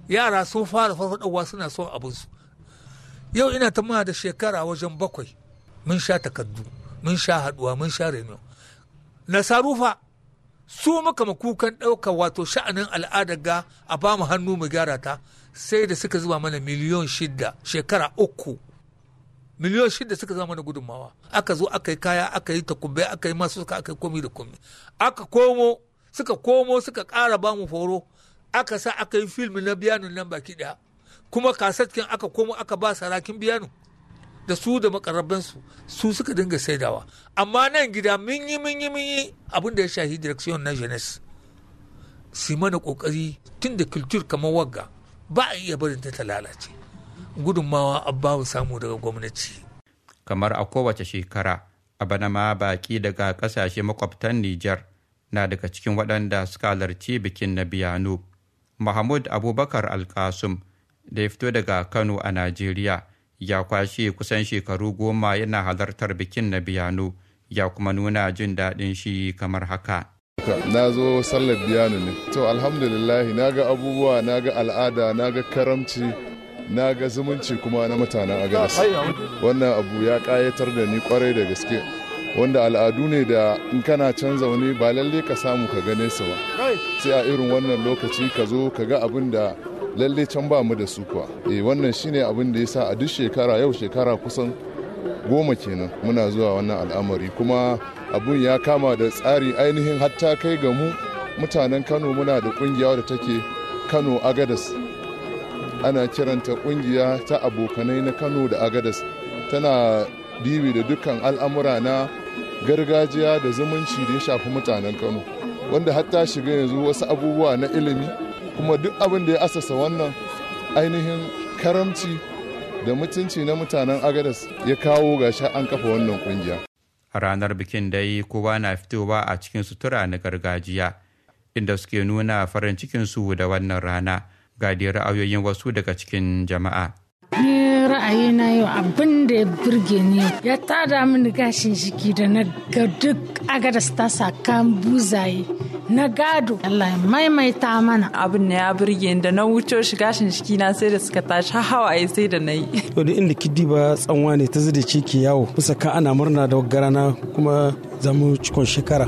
yara sun fara farfadowa suna son abinsu yau ina ta muna da shekara wajen bakwai mun sha takardu mun sha haduwa mun sha reno nasarufa su muka makukan ɗaukar wato sha'anin al'adar ga a ba mu hannu mu gyara ta sai da suka zuba mana miliyon shida shekara uku miliyon shida suka zama mana gudunmawa aka zo aka yi kaya aka yi takubai aka yi masu suka aka yi komi da komi aka komo suka komo suka ƙara ba mu horo aka sa aka yi film na biyanu nan baki daya kuma kasatkin aka komo aka ba sarakin biyanu da su da makarabansu su suka dinga saidawa amma nan gida mun yi mun yi mun yi abin da ya shahi direction na jeunesse si mana kokari tun da culture kamar wagga ba a iya barin ta ta lalace gudunmawa abbawu samu daga gwamnati
kamar a kowace shekara a bana ma baki daga kasashe makwabtan Nijar na daga cikin waɗanda suka halarci bikin na biyano mahmud abubakar alkasum da ya fito daga kano a najeriya ya kwashe kusan shekaru goma yana halartar bikin na biyano ya kuma nuna jin daɗin shi kamar
haka na zo sallar biyano ne to alhamdulillah na ga abubuwa na ga al'ada na ga karamci na ga zumunci kuma na mutanen agadas wannan abu ya ƙayatar da ni kwarai da gaske wanda al'adu ne da in kana can zaune ba lalle ka samu ka gane su ba sai a irin wannan lokaci ka zo ka ga abin da lalle can ba mu da su kuwa eh wannan shine abin da sa a duk shekara yau shekara kusan goma kenan muna zuwa wannan al'amari kuma abun ya kama da tsari ainihin hatta kai ga mu mutanen kano muna da kungiya da take kano agadas ana kiranta kungiya ta abokanai na kano da agadas tana dibi da dukkan al'amura na gargajiya da zumunci da ya shafi mutanen kano wanda hatta shiga yanzu wasu abubuwa na ilimi kuma duk abin da ya asasa wannan ainihin karamci da mutunci na mutanen agadas ya kawo gashi an kafa wannan kungiya
ranar bikin dai kowa na fitowa a cikin sutura na gargajiya inda suke nuna farin cikinsu da wannan rana ga ra'ayoyin wasu daga cikin jama'a
Ni ra'ayi na yau abin da ya burge ni ya tada mini gashin jiki da na ga duk agadas ta kan
buzaye na gado. Allah ya maimaita mana. Abin da ya burge da na wuce shi gashin jiki na sai da suka tashi hawaye sai da nayi yi.
To da inda kiddi ba tsanwa ne ta zide ciki yawo. Bisa ka ana murna da na kuma zamu cikon shekara.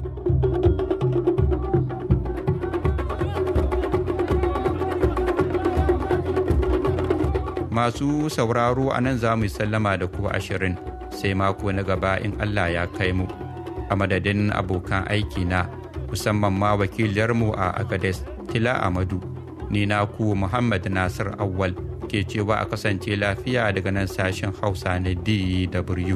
masu sauraro a nan za mu sallama da ku ashirin sai mako na gaba in Allah ya kai mu a madadin abokan aiki na musamman ma wakiliyarmu a Agades Tila Amadu ni na ku Muhammad Nasir Awwal ke cewa a kasance lafiya daga nan sashen Hausa na DW.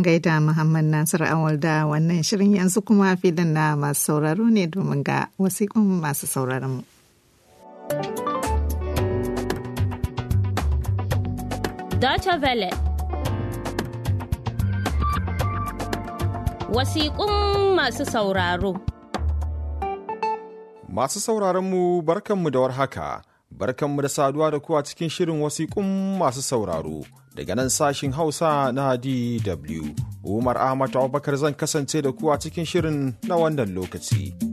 An gaida Muhammad Nasir Awal da wannan shirin yanzu kuma filin na masu sauraro ne domin ga wasiƙun masu sauraron mu.
Deutsche Vele Wasiƙun masu sauraro
Masu sauraronmu barkanmu da warhaka, barkanmu da saduwa da kuwa cikin shirin wasiƙun masu sauraro. daga nan sashin hausa na dw umar ahmad abubakar zan kasance da ku a cikin shirin na wannan lokaci.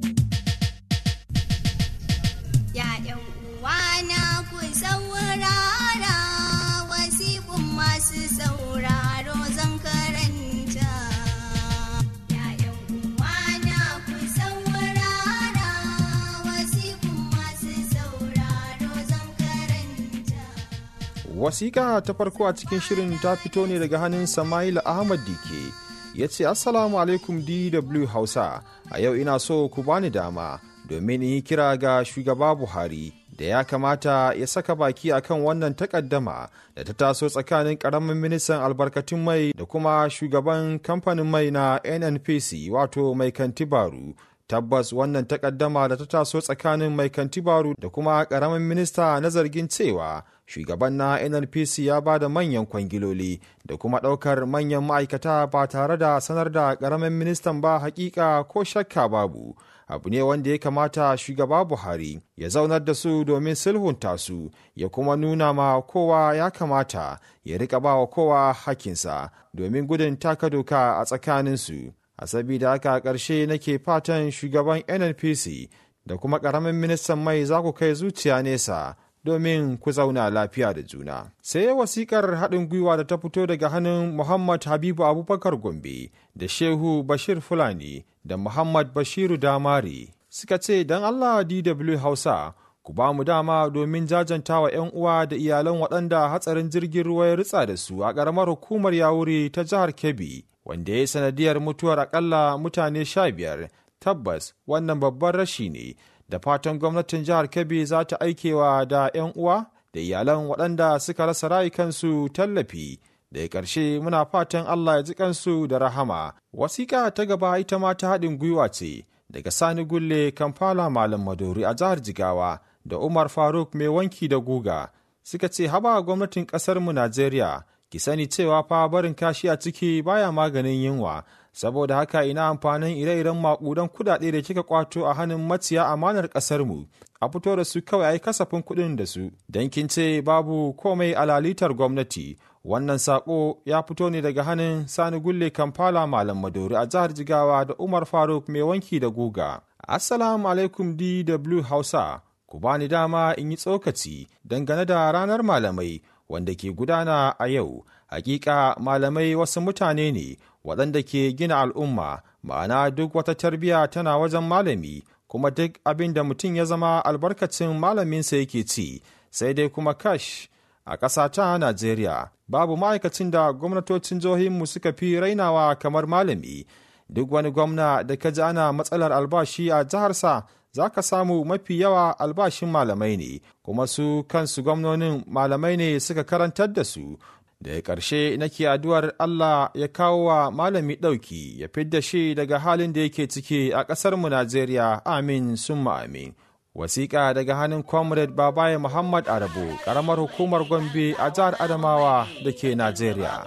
wasiƙa ta farko a cikin shirin ta fito ne daga hannun Sama'il Ahmad Dike. Ya ce Assalamu alaikum DW Hausa, a yau ina so ku bani dama domin in yi kira ga shugaba Buhari da ya kamata ya saka baki akan wannan takaddama da ta taso tsakanin ƙaramin ministan albarkatun mai da kuma shugaban kamfanin mai na nnpc wato mai kantibaru tabbas wannan takaddama da ta taso tsakanin mai kantibaru da kuma karamin minista na zargin cewa shugaban na nnpc ya ba da manyan kwangiloli da kuma ɗaukar manyan ma'aikata ba tare da sanar da karamin ministan ba hakika ko shakka babu abu ne wanda ya kamata shugaba buhari ya zaunar da su domin sulhunta su ya kuma nuna ma kowa ya kamata ya rika ba wa kowa hakinsa domin gudun taka doka a tsakaninsu a sabida haka a ƙarshe nake fatan shugaban nnpc da kuma ƙaramin ministan mai za ku kai zuciya nesa domin ku zauna lafiya da juna sai wasikar haɗin gwiwa da ta fito daga hannun muhammad habibu abubakar gombe da shehu bashir fulani da muhammad bashiru damari suka ce don allah dw hausa ku ba mu dama domin jajanta wa 'yan uwa da iyalan waɗanda hatsarin jirgin ruwa ya ritsa da su a ƙaramar hukumar yawuri ta jihar kebbi wanda ya yi sanadiyar mutuwar akalla mutane sha biyar tabbas wannan babban rashi ne da fatan gwamnatin jihar kebbi za ta aikewa da 'yan uwa da iyalan waɗanda suka rasa rayukansu tallafi da ya ƙarshe muna fatan allah ya ji kansu da rahama wasiƙa ta gaba ita ma ta haɗin gwiwa ce daga sani gulle kamfala malam maduri a jihar jigawa da umar faruk mai wanki da guga suka ce haba gwamnatin ƙasarmu najeriya ki sani cewa fa barin kashi a ciki baya maganin yunwa saboda haka ina amfanin ire-iren makudan kudade da kika kwato a hannun maciya amanar ƙasarmu a fito da su kawai a kasafin kuɗin da su dan kin ce babu komai a lalitar gwamnati wannan sako ya fito ne daga hannun sani gulle kampala malam madori a jihar jigawa da umar faruk mai wanki da guga assalamu alaikum dw hausa ku bani dama in yi tsokaci dangane da ranar malamai wanda ke gudana a yau hakika malamai wasu mutane ne waɗanda ke gina al'umma ma'ana duk wata tarbiyya tana wajen malami kuma duk abin da mutum ya zama albarkacin malaminsa yake ci sai dai kuma kash a ƙasa ta najeriya babu ma'aikacin da gwamnatocin jihohinmu suka fi rainawa kamar malami duk wani gwamna da ka ji ana matsalar albashi a jiharsa za ka samu mafi yawa albashin malamai ne kuma su kansu gwamnonin malamai ne suka karantar da su da ƙarshe nake addu'ar Allah ya kawo wa malami ɗauki ya fidda shi daga halin da yake ciki a ƙasar mu Najeriya amin summa amin. Wasiƙa daga hannun Comrade Babaye Muhammad Arabo, ƙaramar hukumar Gombe a jihar Adamawa da ke Najeriya.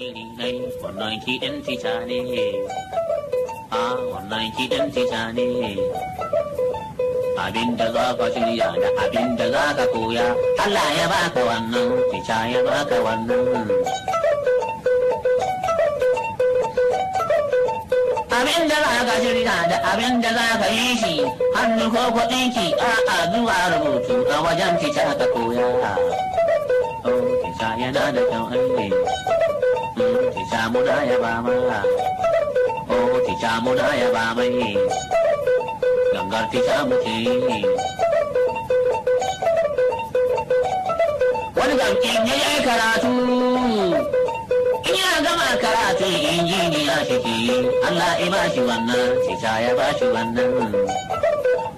Ah, abinda za ka shirya da abinda za ka koya Allah ya baka wannan fita ya baka
wannan
Abinda za ka shirya da abinda za ka yi shi hannu ko kudinki a
a zuwa rubutu a wajen fita
ka koya oh, ya na da kyau aiki eh. hmm, fita muna ya ba mara fita oh, muna ya ba mai gangar ta muke yi
wani gamkin ya yi karatu in yana gama karatu injiniya take yi Allah ya ba shi wannan
cita ya ba
shi wannan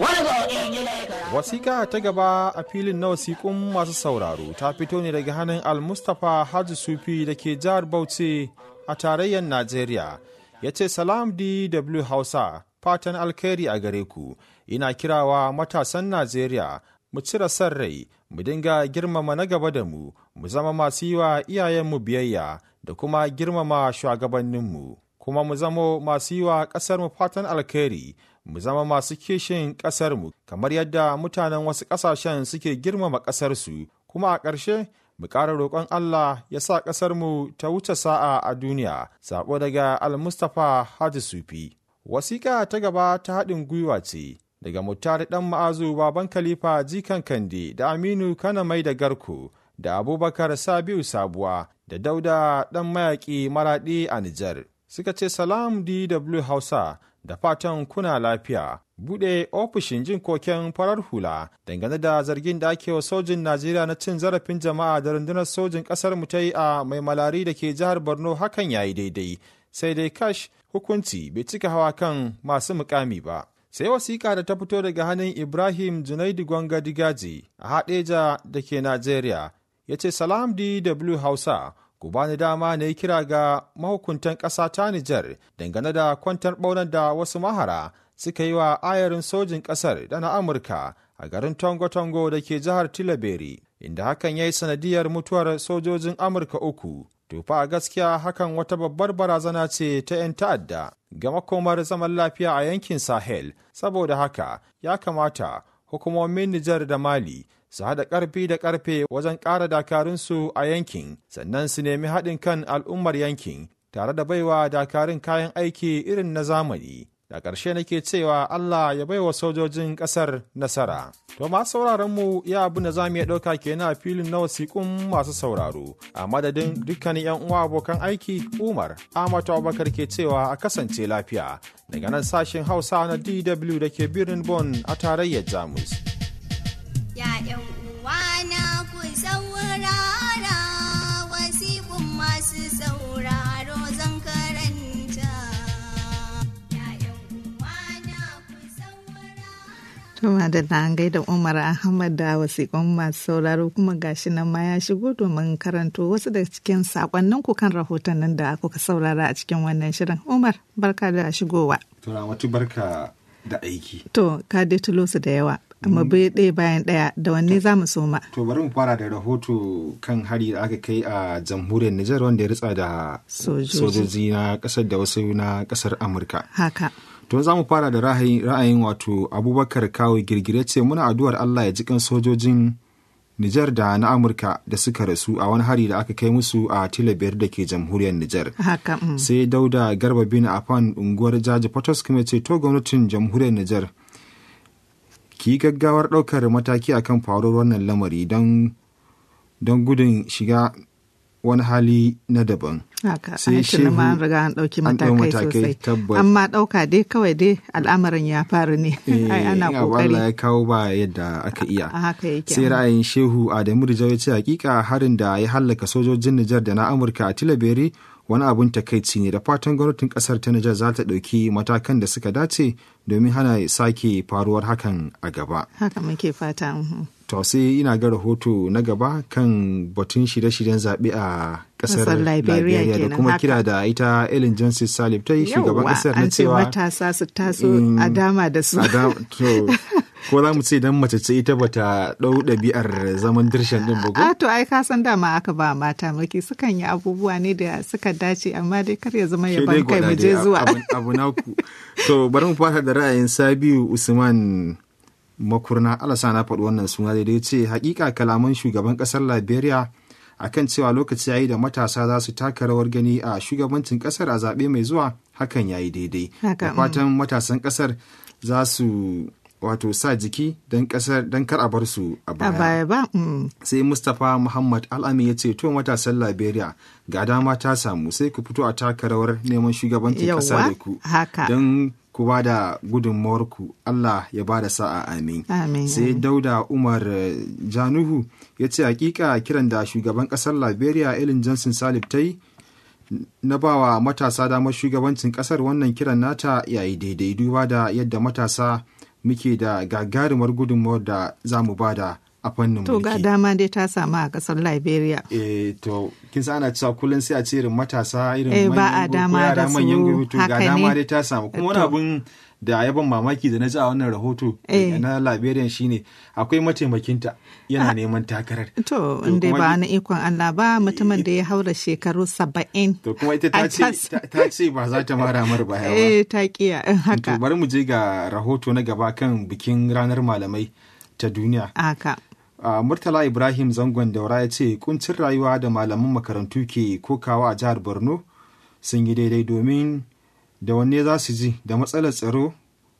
wani gauɗin ya yi Wasika ta gaba a filin na wasiƙun masu sauraro ta fito ne daga hannun Al-Mustapha Haji Sufi da ke jihar Bauchi a tarayyar Najeriya. Ya ce Salam d w Hausa fatan alkhairi a gare ku ina kirawa matasan najeriya mu cire son rai mu dinga girmama na gaba da mu mu zama masu yi wa iyayenmu biyayya da kuma girmama shugabanninmu kuma mu zama masu yi wa ƙasarmu fatan alkhairi mu zama masu kishin ƙasarmu kamar yadda mutanen wasu ƙasashen suke girmama ƙasarsu kuma a ƙarshe mu ƙara roƙon Allah ya sa ƙasarmu ta wuce sa'a a duniya sabo daga al-Mustapha Haji Sufi Wasiƙa ta gaba ta haɗin gwiwa ce daga mutare ɗan ma'azu baban kalifa Jikan Kandi da Aminu Kana Mai da Garko da Abubakar Sabiu Sabuwa da Dauda ɗan mayaƙi maraɗi a Nijar. Suka ce Salam DW Hausa da fatan kuna lafiya. Buɗe ofishin jin koken farar hula dangane da zargin da ake wa sojin Najeriya na cin zarafin jama'a da rundunar sojin ƙasar mu ta yi a mai malari da ke jihar Borno hakan yayi daidai. Sai dai kash hukunci bai cika hawa kan masu mukami ba. Sai wasiƙa da ta fito daga hannun Ibrahim Junaidu Gwanga Digaji a Haɗeja da ke Najeriya ya ce Salam DW Hausa ku bani dama na yi kira ga mahukuntan ƙasa ta Nijar dangane da kwantar ɓaunar da wasu mahara suka yi wa ayarin sojin ƙasar da na Amurka a garin Tongo-Tongo da ke jihar Tilaberi, inda hakan ya yi sanadiyar mutuwar sojojin Amurka uku to fa gaskiya hakan wata babbar barazana ce ta 'yan ta'adda ga makomar zaman lafiya a yankin sahel saboda haka ya kamata hukumomin nijar da mali su haɗa ƙarfi da ƙarfe wajen ƙara dakarunsu a yankin sannan su nemi haɗin kan al'ummar yankin tare da baiwa dakarun kayan aiki irin na zamani da ƙarshe nake cewa Allah ya baiwa sojojin ƙasar nasara. To masu sauraron mu ya abu da za mu iya ɗauka kenan a filin na wasiƙun masu sauraro. A madadin dukkanin 'yan uwa abokan aiki Umar Amatu Abubakar ke cewa a kasance lafiya. Daga nan sashen Hausa na DW da ke birnin Bonn a tarayyar Jamus.
Ya uwa na ku saurara.
Tuma da na gaida Umar Ahmad da wasiƙun masu sauraro kuma gashi nan ma ya shigo domin karanto wasu daga cikin sakonnin ku kan rahotannin da kuka saurara a cikin wannan shirin. Umar, barka da shigowa.
wata barka da aiki.
To, ka dai tulo su da yawa. Amma mm. bai ɗaya bayan ɗaya da wanne za mu soma.
To bari mu fara da rahoto kan hari da aka kai a jamhuriyar Nijar wanda ya ritsa da sojoji na ƙasar da wasu na ƙasar Amurka. Haka. To za mu fara da ra'ayin wato Abubakar Kawo girgire ce muna addu'ar Allah ya ji kan sojojin Nijar da na Amurka da suka rasu a wani hari da aka kai musu a Tilabiyar da ke jamhuriyar Nijar.
Mm. Sai
Dauda Garba bin Afan unguwar Jaji Potos kuma ce to gwamnatin jamhuriyar Nijar ki gaggawar ɗaukar mataki akan faruwar wannan lamari don gudun shiga wani hali na daban. sai shehu an riga ɗauki matakai sosai. Amma
ɗauka dai kawai dai al'amarin ya faru ne. Eh, ai ana kokari. ya
kawo ba yadda aka iya. Sai ra'ayin shehu Adamu Rijau ya ce hakika harin da ya hallaka sojojin Nijar da na Amurka a Tilaberi wani abun takaici ne da fatan gwamnatin kasar ta Nijar za ta ɗauki matakan da suka dace domin hana sake faruwar hakan a gaba.
Haka muke fata. Mhm.
to sai ina ga rahoto na gaba kan batun shirye-shiryen zaɓe a ƙasar liberia da kuma kira da ita ellen johnson salif ta yi shugaban ƙasar na cewa
matasa su taso a dama da su
ko za mu ce don mace ce ita bata ɗau ɗabi'ar zaman dirshan ɗin ba ko
to ai ka san dama aka ba mata maki sukan yi abubuwa ne da suka dace amma dai kar ya zama yaban kai mu je zuwa
abu naku to bari mu fara da ra'ayin Sabiu Usman makurna alasa na faɗi wannan suna daidai ce hakika kalaman shugaban ƙasar liberia akan cewa lokaci ya yi da matasa za su taka rawar gani a shugabancin ƙasar a zaɓe mai zuwa hakan ya yi daidai da mm. fatan matasan ƙasar za su wato sa jiki don ƙasar don kar a bar su a baya ba mm. sai mustapha muhammad al'ami ya ce to matasan liberia ga dama ta samu sai ku fito a taka rawar neman shugabancin kasa da ku don ku ba da gudunmuwarku Allah ya ba da sa'a amin. Sai Dauda Umar eh, Januhu ya ce hakika kiran da shugaban ƙasar Liberia Ellen Johnson Salif ta yi na bawa matasa damar shugabancin ƙasar wannan kiran nata yayi daidai duba da yadda matasa muke da gagarumar gudunmawar da za mu ba da a fannin mulki. To
ga dama dai ta samu a kasar Liberia.
Eh to kin san ana cewa kullun sai a ce irin matasa irin manyan eh, ba a dama da su haka ne. Ga dama dai ta samu kuma wani abun da ya ban mamaki da na ji a wannan rahoto eh, eh. na liberia shine akwai mataimakinta yana ah. neman takarar.
To, inda ba na ikon Allah ba mutumin da ya haura shekaru saba'in.
To kuma ita ta ce ba za ta mara mar baya ba. Eh, ta kiya haka. To bari mu je ga rahoto na gaba kan bikin ranar malamai ta duniya. Aka. murtala ibrahim zangon daura ya ce kuncin rayuwa da malaman makarantu ke kokawa a jihar borno sun yi daidai domin da wanne za su ji da matsalar tsaro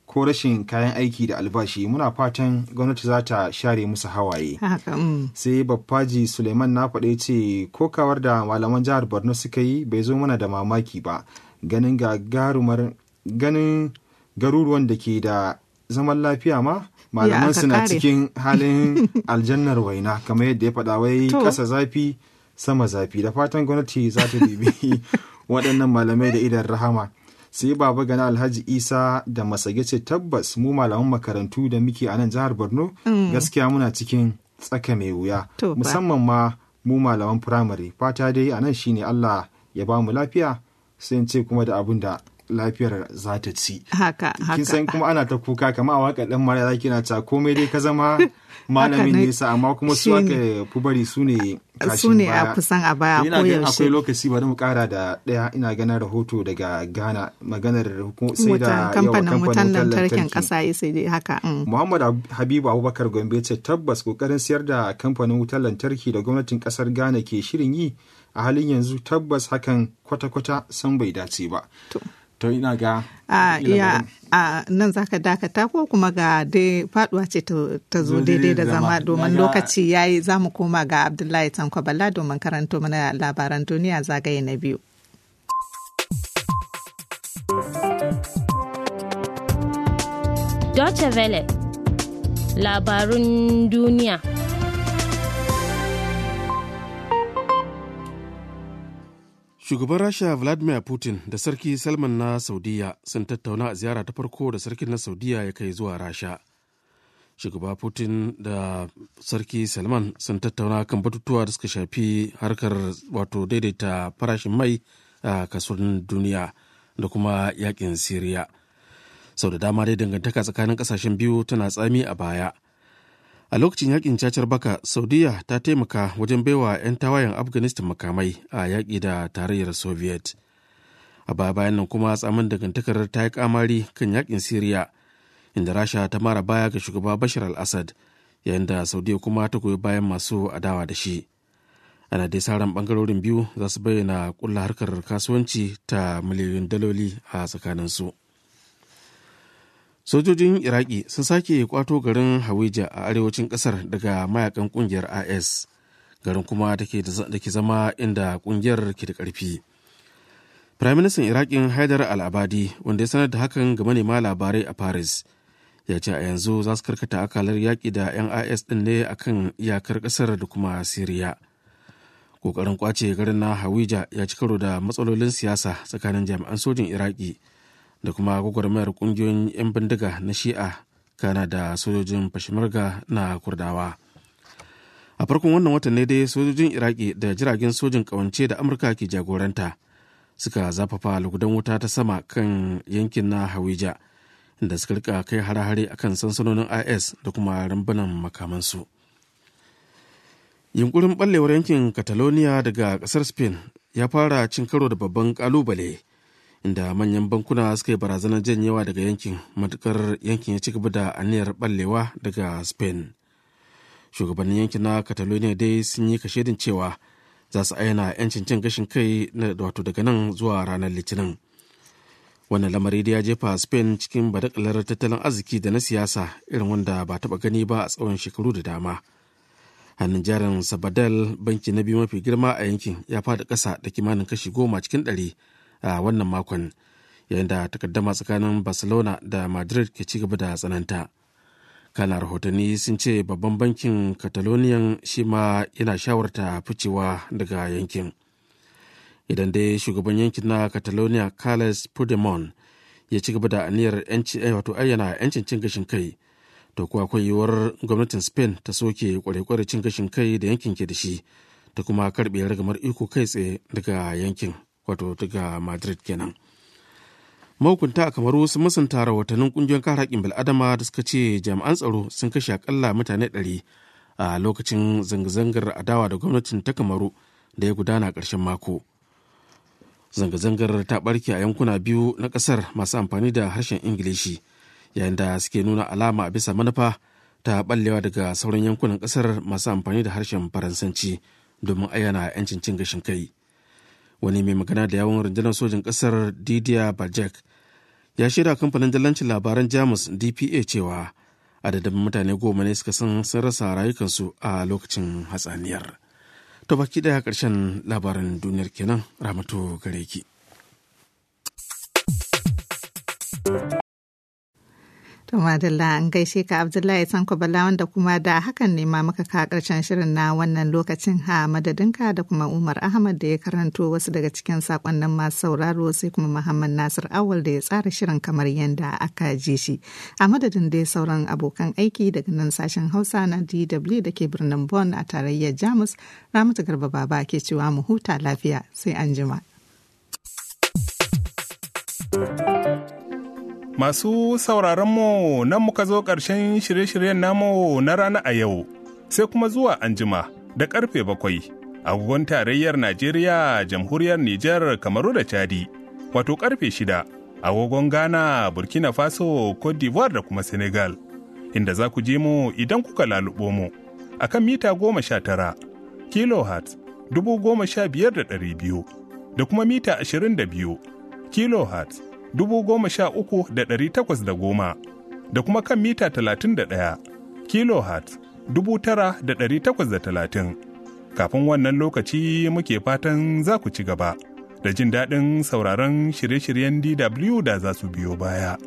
ko rashin kayan aiki da albashi muna fatan gwamnati za ta share musu hawaye mm. sai babbaji suleiman na faɗe ce kokawar da malaman jihar borno suka yi bai zo mana da mamaki ba ganin garumar ganin garuruwan da ke da zaman lafiya ma malaman suna cikin halin aljannar waina kamar yadda ya faɗa wai kasa zafi sama zafi da fatan gwamnati za ta dubi waɗannan malamai da idan rahama sai baba gana alhaji isa da masage ce tabbas mu malaman makarantu da muke a nan jihar borno mm. gaskiya muna cikin tsaka mai wuya musamman ma mu malaman firamare fata dai a nan shine allah ya ba mu lafiya sai in ce kuma da abun da lafiyar za ta ci. Haka, haka. Kin san kuma ana ta kuka kama a waƙa ɗan mara za kina ta komai dai ka zama malamin nesa amma kuma su aka fi bari su ne kashin baya. a kusan a
baya ko yaushe. akwai
lokaci bari mu kara da ɗaya ina ganin rahoto daga Ghana maganar sai da kamfanin wutan lantarkin
ƙasa sai dai haka. Mm.
Muhammad Habibu Abubakar Gombe ce tabbas kokarin siyar da kamfanin wutan lantarki da gwamnatin ƙasar Ghana ke shirin yi a halin yanzu tabbas hakan kwata-kwata san bai dace ba. to ina ga
a iya a nan zaka dakata ko kuma ga dai faduwa ce ta zo daidai da zama domin lokaci ya yi za mu koma ga abdullahi tanko bala domin karanto mana labaran duniya zagaye na biyu
Deutsche Welle labarun duniya
Shugaban Rasha Vladimir Putin da Sarki Salman na Saudiya sun tattauna a ziyara ta farko da Sarkin na Saudiya ya kai zuwa Rasha. Shugaba Putin da Sarki Salman sun tattauna kan batutuwa da suka shafi harkar wato daidaita farashin mai a kasuwar duniya da kuma yakin Siriya. Sau da dama dai dangantaka tsakanin kasashen biyu tana tsami a baya, a lokacin yakin cacar baka saudiya ta taimaka wajen baiwa 'yan tawayen afghanistan makamai a yaƙi da tarayyar soviet a baya bayan nan kuma tsamin dangantakar ta yi kamari kan yakin siriya inda rasha ta mara baya ga shugaba bashar al-assad yayin da saudiya kuma ta goyi bayan masu adawa da shi ana dai sa bangarorin biyu za su bayyana kulla harkar kasuwanci ta miliyoyin daloli a tsakaninsu. su sojojin iraki sun sake kwato garin hawija a arewacin kasar daga mayakan kungiyar is garin kuma da ke zama inda kungiyar ke da karfi firaministan irakin haidar al'abadi wanda ya sanar da hakan ga manema labarai a paris ya ce a yanzu za su karkata akalar yaƙi da yan is din ne a kan iyakar kasar da kuma siriya kokarin kwace garin na hawija ya ci karo da matsalolin siyasa tsakanin jami'an sojin iraki da kuma gwagwarmayar kungiyoyin 'yan bindiga na shi'a kana da sojojin fashimarga na kurdawa a farkon wannan watan ne dai sojojin iraki da jiragen sojin kawance da amurka ke jagoranta suka zafafa lugudan wuta ta sama kan yankin na hawija inda suka rika kai hare-hare a kan sansanonin is da kuma rambunan makamansu yunkurin ɓallewar yankin catalonia daga ƙasar spain ya fara cin karo da babban ƙalubale inda manyan bankuna suka yi barazanar janyewa daga yankin matukar yankin ya ci gaba da aniyar ballewa daga spain shugabannin yankin na catalonia dai sun yi kashedin cewa za su ayyana 'yancin cin gashin kai wato daga nan zuwa ranar litinin wannan lamari da ya jefa spain cikin badakalar tattalin arziki da na siyasa irin wanda ba taba gani ba a tsawon shekaru da dama hannun jarin sabadal banki na biyu mafi girma a yankin ya fada kasa da kimanin kashi goma cikin ɗari a wannan makon yayin da takaddama tsakanin barcelona da madrid ke ci gaba da tsananta kana rahotanni sun ce babban bankin catalonian shi ma yana shawarta ficewa daga yankin idan dai shugaban yankin na catalonia carles pudemon ya ci gaba da aniyar eh, wato ayyana yancin cin gashin kai to kuwa akwai yiwuwar gwamnatin spain ta soke kware-kware cin gashin kai da yankin ke da shi ta kuma karbe ragamar iko kai tsaye daga yankin wato daga madrid kenan mahukunta a kamaru sun musanta rahotannin kungiyar kare haƙƙin bil'adama da suka ce jami'an tsaro sun kashe akalla mutane ɗari a lokacin zanga-zangar adawa da gwamnatin ta kamaru da ya gudana a ƙarshen mako zanga-zangar ta ɓarke a yankuna biyu na ƙasar masu amfani da harshen ingilishi yayin da suke nuna alama a bisa manufa ta ɓallewa daga sauran yankunan ƙasar masu amfani da harshen faransanci domin ayyana 'yancin cin gashin kai wani mai magana da yawon rundunar sojin ƙasar didier bajek ya shirya kamfanin dillancin labaran jamus dpa cewa adadin mutane goma ne suka san sun rasa rayukansu a lokacin hatsaniyar to baki daya ƙarshen labaran duniyar kenan ramatu gare ki.
To an gaishe ka Abdullahi Sanko Bala wanda kuma da hakan ne ma muka ka karshen shirin na wannan lokacin ha madadinka da kuma Umar Ahmad da ya karanto wasu daga cikin sakonnin masu sauraro sai kuma Muhammad Nasir Awal da ya tsara shirin kamar yadda aka ji shi. A madadin dai sauran abokan aiki daga nan sashen Hausa na DW da ke birnin Bonn a tarayyar Jamus Ramatu Garba Baba ke cewa mu huta lafiya sai an jima.
Masu sauraron mu nan muka zo ƙarshen shirye-shiryen namu na rana a yau, sai kuma zuwa anjima da ƙarfe bakwai, abubuwan tarayyar Najeriya, jamhuriyar Nijar, Kamaru da Chadi, wato ƙarfe shida, agogon Ghana, Burkina Faso, Cote d'Ivoire da kuma Senegal, inda za ku je mu idan kuka lalubo mu a kan mita goma sha tara, kilohertz dubu goma sha biyar da ɗari biyu, da kuma mita ashirin da biyu, kilohertz goma da kuma kan mita 31 kilohertz 9830 kafin wannan lokaci muke fatan za ku ci gaba da jin daɗin sauraron shirye-shiryen DW da za su biyo baya.